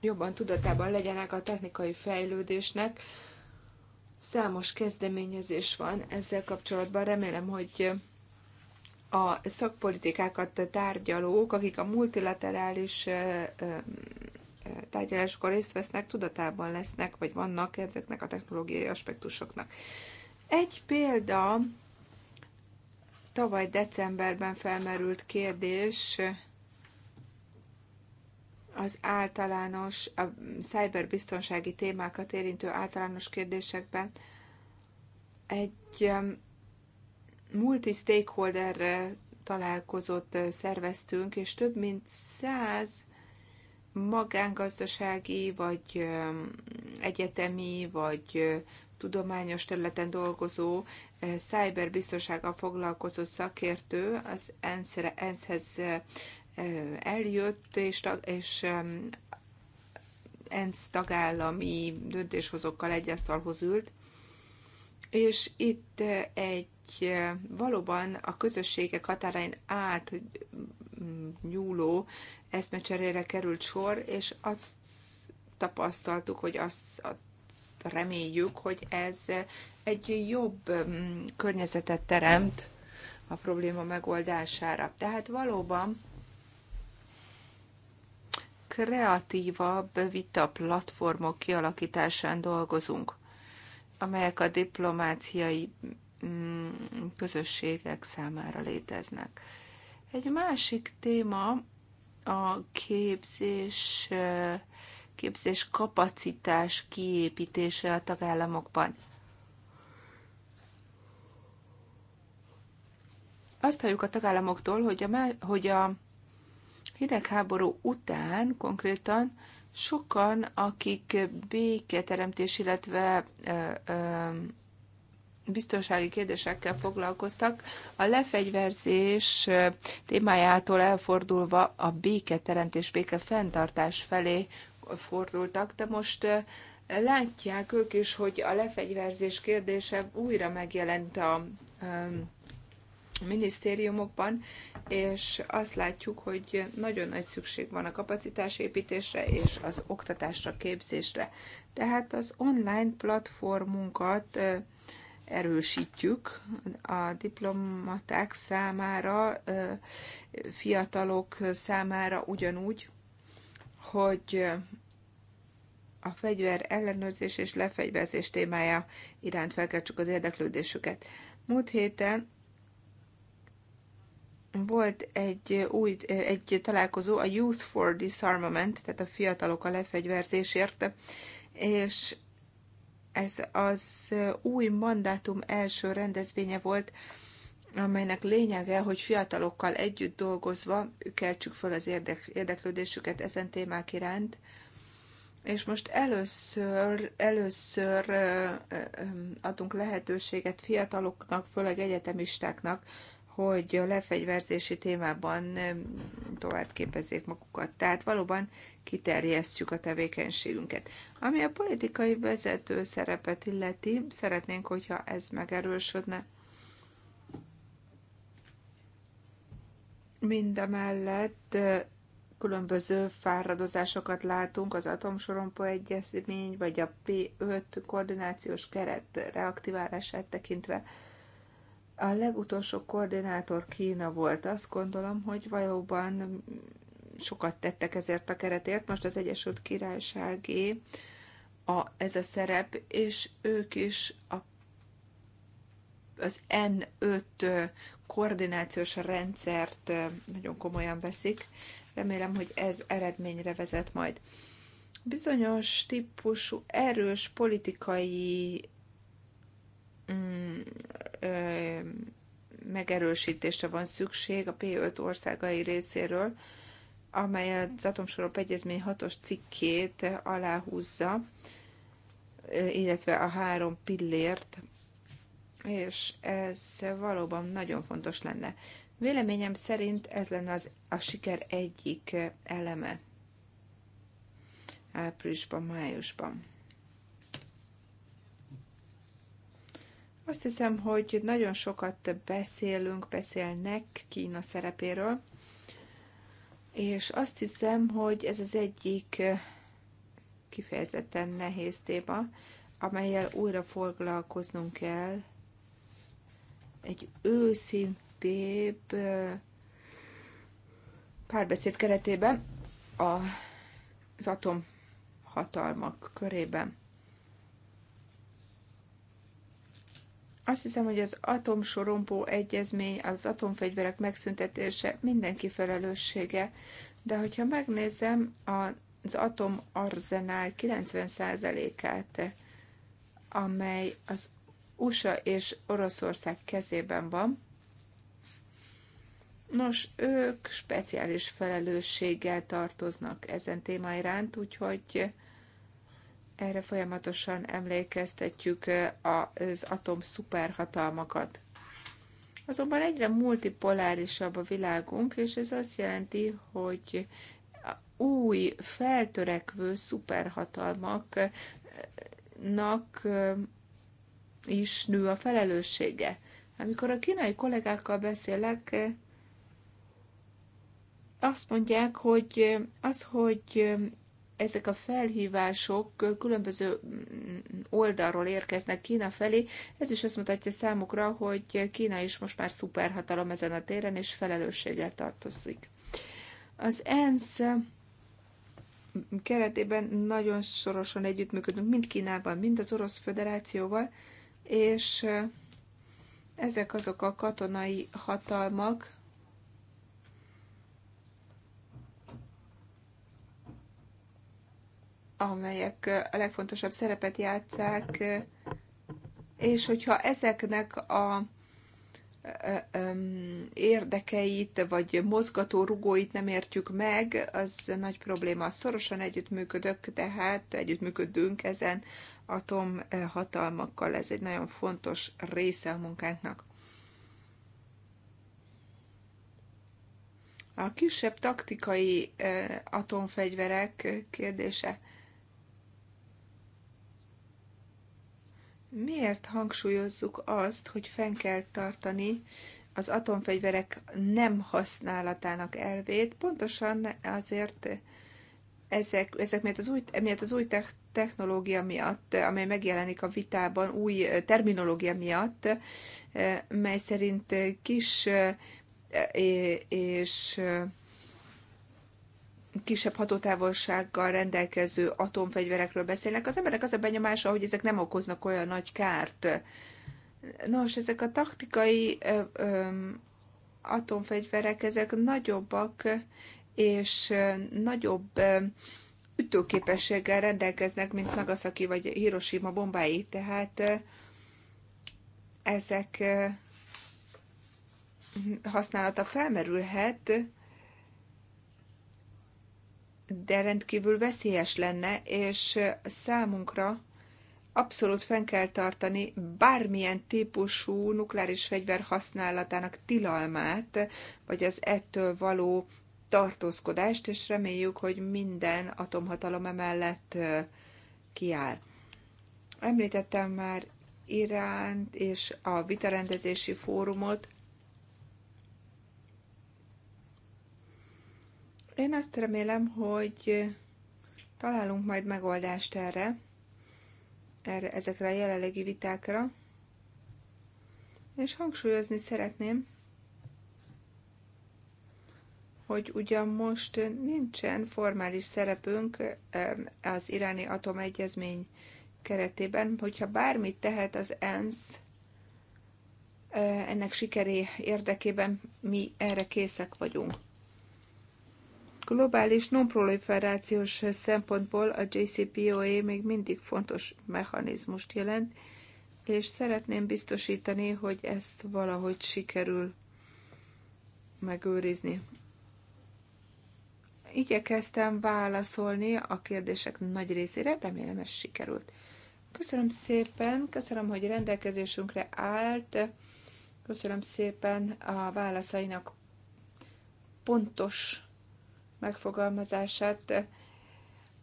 jobban tudatában legyenek a technikai fejlődésnek. Számos kezdeményezés van ezzel kapcsolatban. Remélem, hogy a szakpolitikákat tárgyalók, akik a multilaterális tárgyalásokon részt vesznek, tudatában lesznek, vagy vannak ezeknek a technológiai aspektusoknak. Egy példa, tavaly decemberben felmerült kérdés, az általános, a szájberbiztonsági témákat érintő általános kérdésekben egy um, multi-stakeholder találkozót uh, szerveztünk, és több mint száz magángazdasági, vagy um, egyetemi, vagy uh, tudományos területen dolgozó, cyberbiztonsággal uh, foglalkozó szakértő az ENSZ-hez eljött, és, és ENSZ tagállami döntéshozókkal egy asztalhoz ült, és itt egy valóban a közösségek határain át nyúló eszmecserére került sor, és azt tapasztaltuk, hogy azt, azt reméljük, hogy ez egy jobb környezetet teremt a probléma megoldására. Tehát valóban kreatívabb vita platformok kialakításán dolgozunk, amelyek a diplomáciai mm, közösségek számára léteznek. Egy másik téma a képzés, képzés kapacitás kiépítése a tagállamokban. Azt halljuk a tagállamoktól, hogy a, hogy a hidegháború után konkrétan sokan, akik béketeremtés, illetve ö, ö, biztonsági kérdésekkel foglalkoztak, a lefegyverzés témájától elfordulva a béketeremtés, békefenntartás felé fordultak, de most látják ők is, hogy a lefegyverzés kérdése újra megjelent a minisztériumokban, és azt látjuk, hogy nagyon nagy szükség van a kapacitásépítésre és az oktatásra, képzésre. Tehát az online platformunkat erősítjük a diplomaták számára, fiatalok számára ugyanúgy, hogy a fegyver ellenőrzés és lefegyverzés témája iránt felkeltsük az érdeklődésüket. Múlt héten volt egy új egy találkozó, a Youth for Disarmament, tehát a fiatalok a lefegyverzésért, és ez az új mandátum első rendezvénye volt, amelynek lényege, hogy fiatalokkal együtt dolgozva keltsük fel az érdek, érdeklődésüket ezen témák iránt. És most először, először adunk lehetőséget fiataloknak, főleg egyetemistáknak, hogy a lefegyverzési témában tovább képezzék magukat. Tehát valóban kiterjesztjük a tevékenységünket. Ami a politikai vezető szerepet illeti, szeretnénk, hogyha ez megerősödne. Mindemellett különböző fáradozásokat látunk az atomsorompó egyezmény, vagy a P5 koordinációs keret reaktiválását tekintve a legutolsó koordinátor Kína volt. Azt gondolom, hogy valóban sokat tettek ezért a keretért. Most az Egyesült Királyságé a, ez a szerep, és ők is a, az N5 koordinációs rendszert nagyon komolyan veszik. Remélem, hogy ez eredményre vezet majd. Bizonyos típusú erős politikai mm, megerősítésre van szükség a P5 országai részéről, amely az atomsorop egyezmény hatos cikkét aláhúzza, illetve a három pillért, és ez valóban nagyon fontos lenne. Véleményem szerint ez lenne az, a siker egyik eleme áprilisban, májusban. Azt hiszem, hogy nagyon sokat beszélünk, beszélnek Kína szerepéről, és azt hiszem, hogy ez az egyik eh, kifejezetten nehéz téma, amelyel újra foglalkoznunk kell. Egy őszintébb eh, párbeszéd keretében az atomhatalmak körében. Azt hiszem, hogy az atomsorompó egyezmény, az atomfegyverek megszüntetése mindenki felelőssége, de hogyha megnézem az atomarzenál 90%-át, amely az USA és Oroszország kezében van, Nos, ők speciális felelősséggel tartoznak ezen téma iránt, úgyhogy erre folyamatosan emlékeztetjük eh, az atom szuperhatalmakat. Azonban egyre multipolárisabb a világunk, és ez azt jelenti, hogy új, feltörekvő szuperhatalmaknak eh, is nő a felelőssége. Amikor a kínai kollégákkal beszélek, eh, azt mondják, hogy az, hogy ezek a felhívások különböző mm, oldalról érkeznek Kína felé. Ez is azt mutatja számukra, hogy Kína is most már szuperhatalom ezen a téren, és felelősséggel tartozik. Az ENSZ keretében nagyon szorosan együttműködünk mind Kínában, mind az Orosz Föderációval, és ezek azok a katonai hatalmak, amelyek a legfontosabb szerepet játszák, és hogyha ezeknek a érdekeit, vagy mozgató rugóit nem értjük meg, az nagy probléma. Szorosan együttműködök, tehát együttműködünk ezen atomhatalmakkal. Ez egy nagyon fontos része a munkánknak. A kisebb taktikai atomfegyverek kérdése. Miért hangsúlyozzuk azt, hogy fenn kell tartani az atomfegyverek nem használatának elvét, pontosan azért ezek, ezek miatt, az új, miatt az új technológia miatt, amely megjelenik a vitában, új terminológia miatt, mely szerint kis eh, és eh, kisebb hatótávolsággal rendelkező atomfegyverekről beszélnek. Az emberek az a benyomása, hogy ezek nem okoznak olyan nagy kárt. Nos, ezek a taktikai ö, ö, atomfegyverek, ezek nagyobbak és nagyobb ö, ütőképességgel rendelkeznek, mint Nagasaki vagy Hiroshima bombái. Tehát ö, ezek ö, használata felmerülhet, de rendkívül veszélyes lenne, és számunkra abszolút fenn kell tartani bármilyen típusú nukleáris fegyver használatának tilalmát, vagy az ettől való tartózkodást, és reméljük, hogy minden atomhatalom emellett kiáll. Említettem már Iránt és a vitarendezési fórumot, Én azt remélem, hogy találunk majd megoldást erre, erre ezekre a jelenlegi vitákra, és hangsúlyozni szeretném, hogy ugyan most nincsen formális szerepünk az iráni atomegyezmény keretében, hogyha bármit tehet az ENSZ eh, ennek sikeré érdekében, mi erre készek vagyunk globális nonproliferációs szempontból a JCPOA még mindig fontos mechanizmust jelent, és szeretném biztosítani, hogy ezt valahogy sikerül megőrizni. Igyekeztem válaszolni a kérdések nagy részére, remélem ez sikerült. Köszönöm szépen, köszönöm, hogy rendelkezésünkre állt, köszönöm szépen a válaszainak pontos megfogalmazását.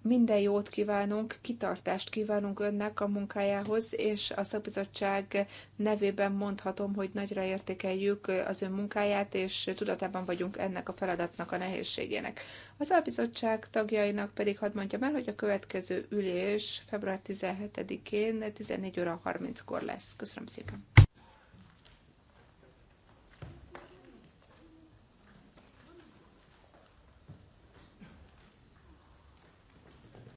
Minden jót kívánunk, kitartást kívánunk önnek a munkájához, és a szakbizottság nevében mondhatom, hogy nagyra értékeljük az ön munkáját, és tudatában vagyunk ennek a feladatnak a nehézségének. Az albizottság tagjainak pedig hadd mondjam el, hogy a következő ülés február 17-én 14 óra 30-kor lesz. Köszönöm szépen!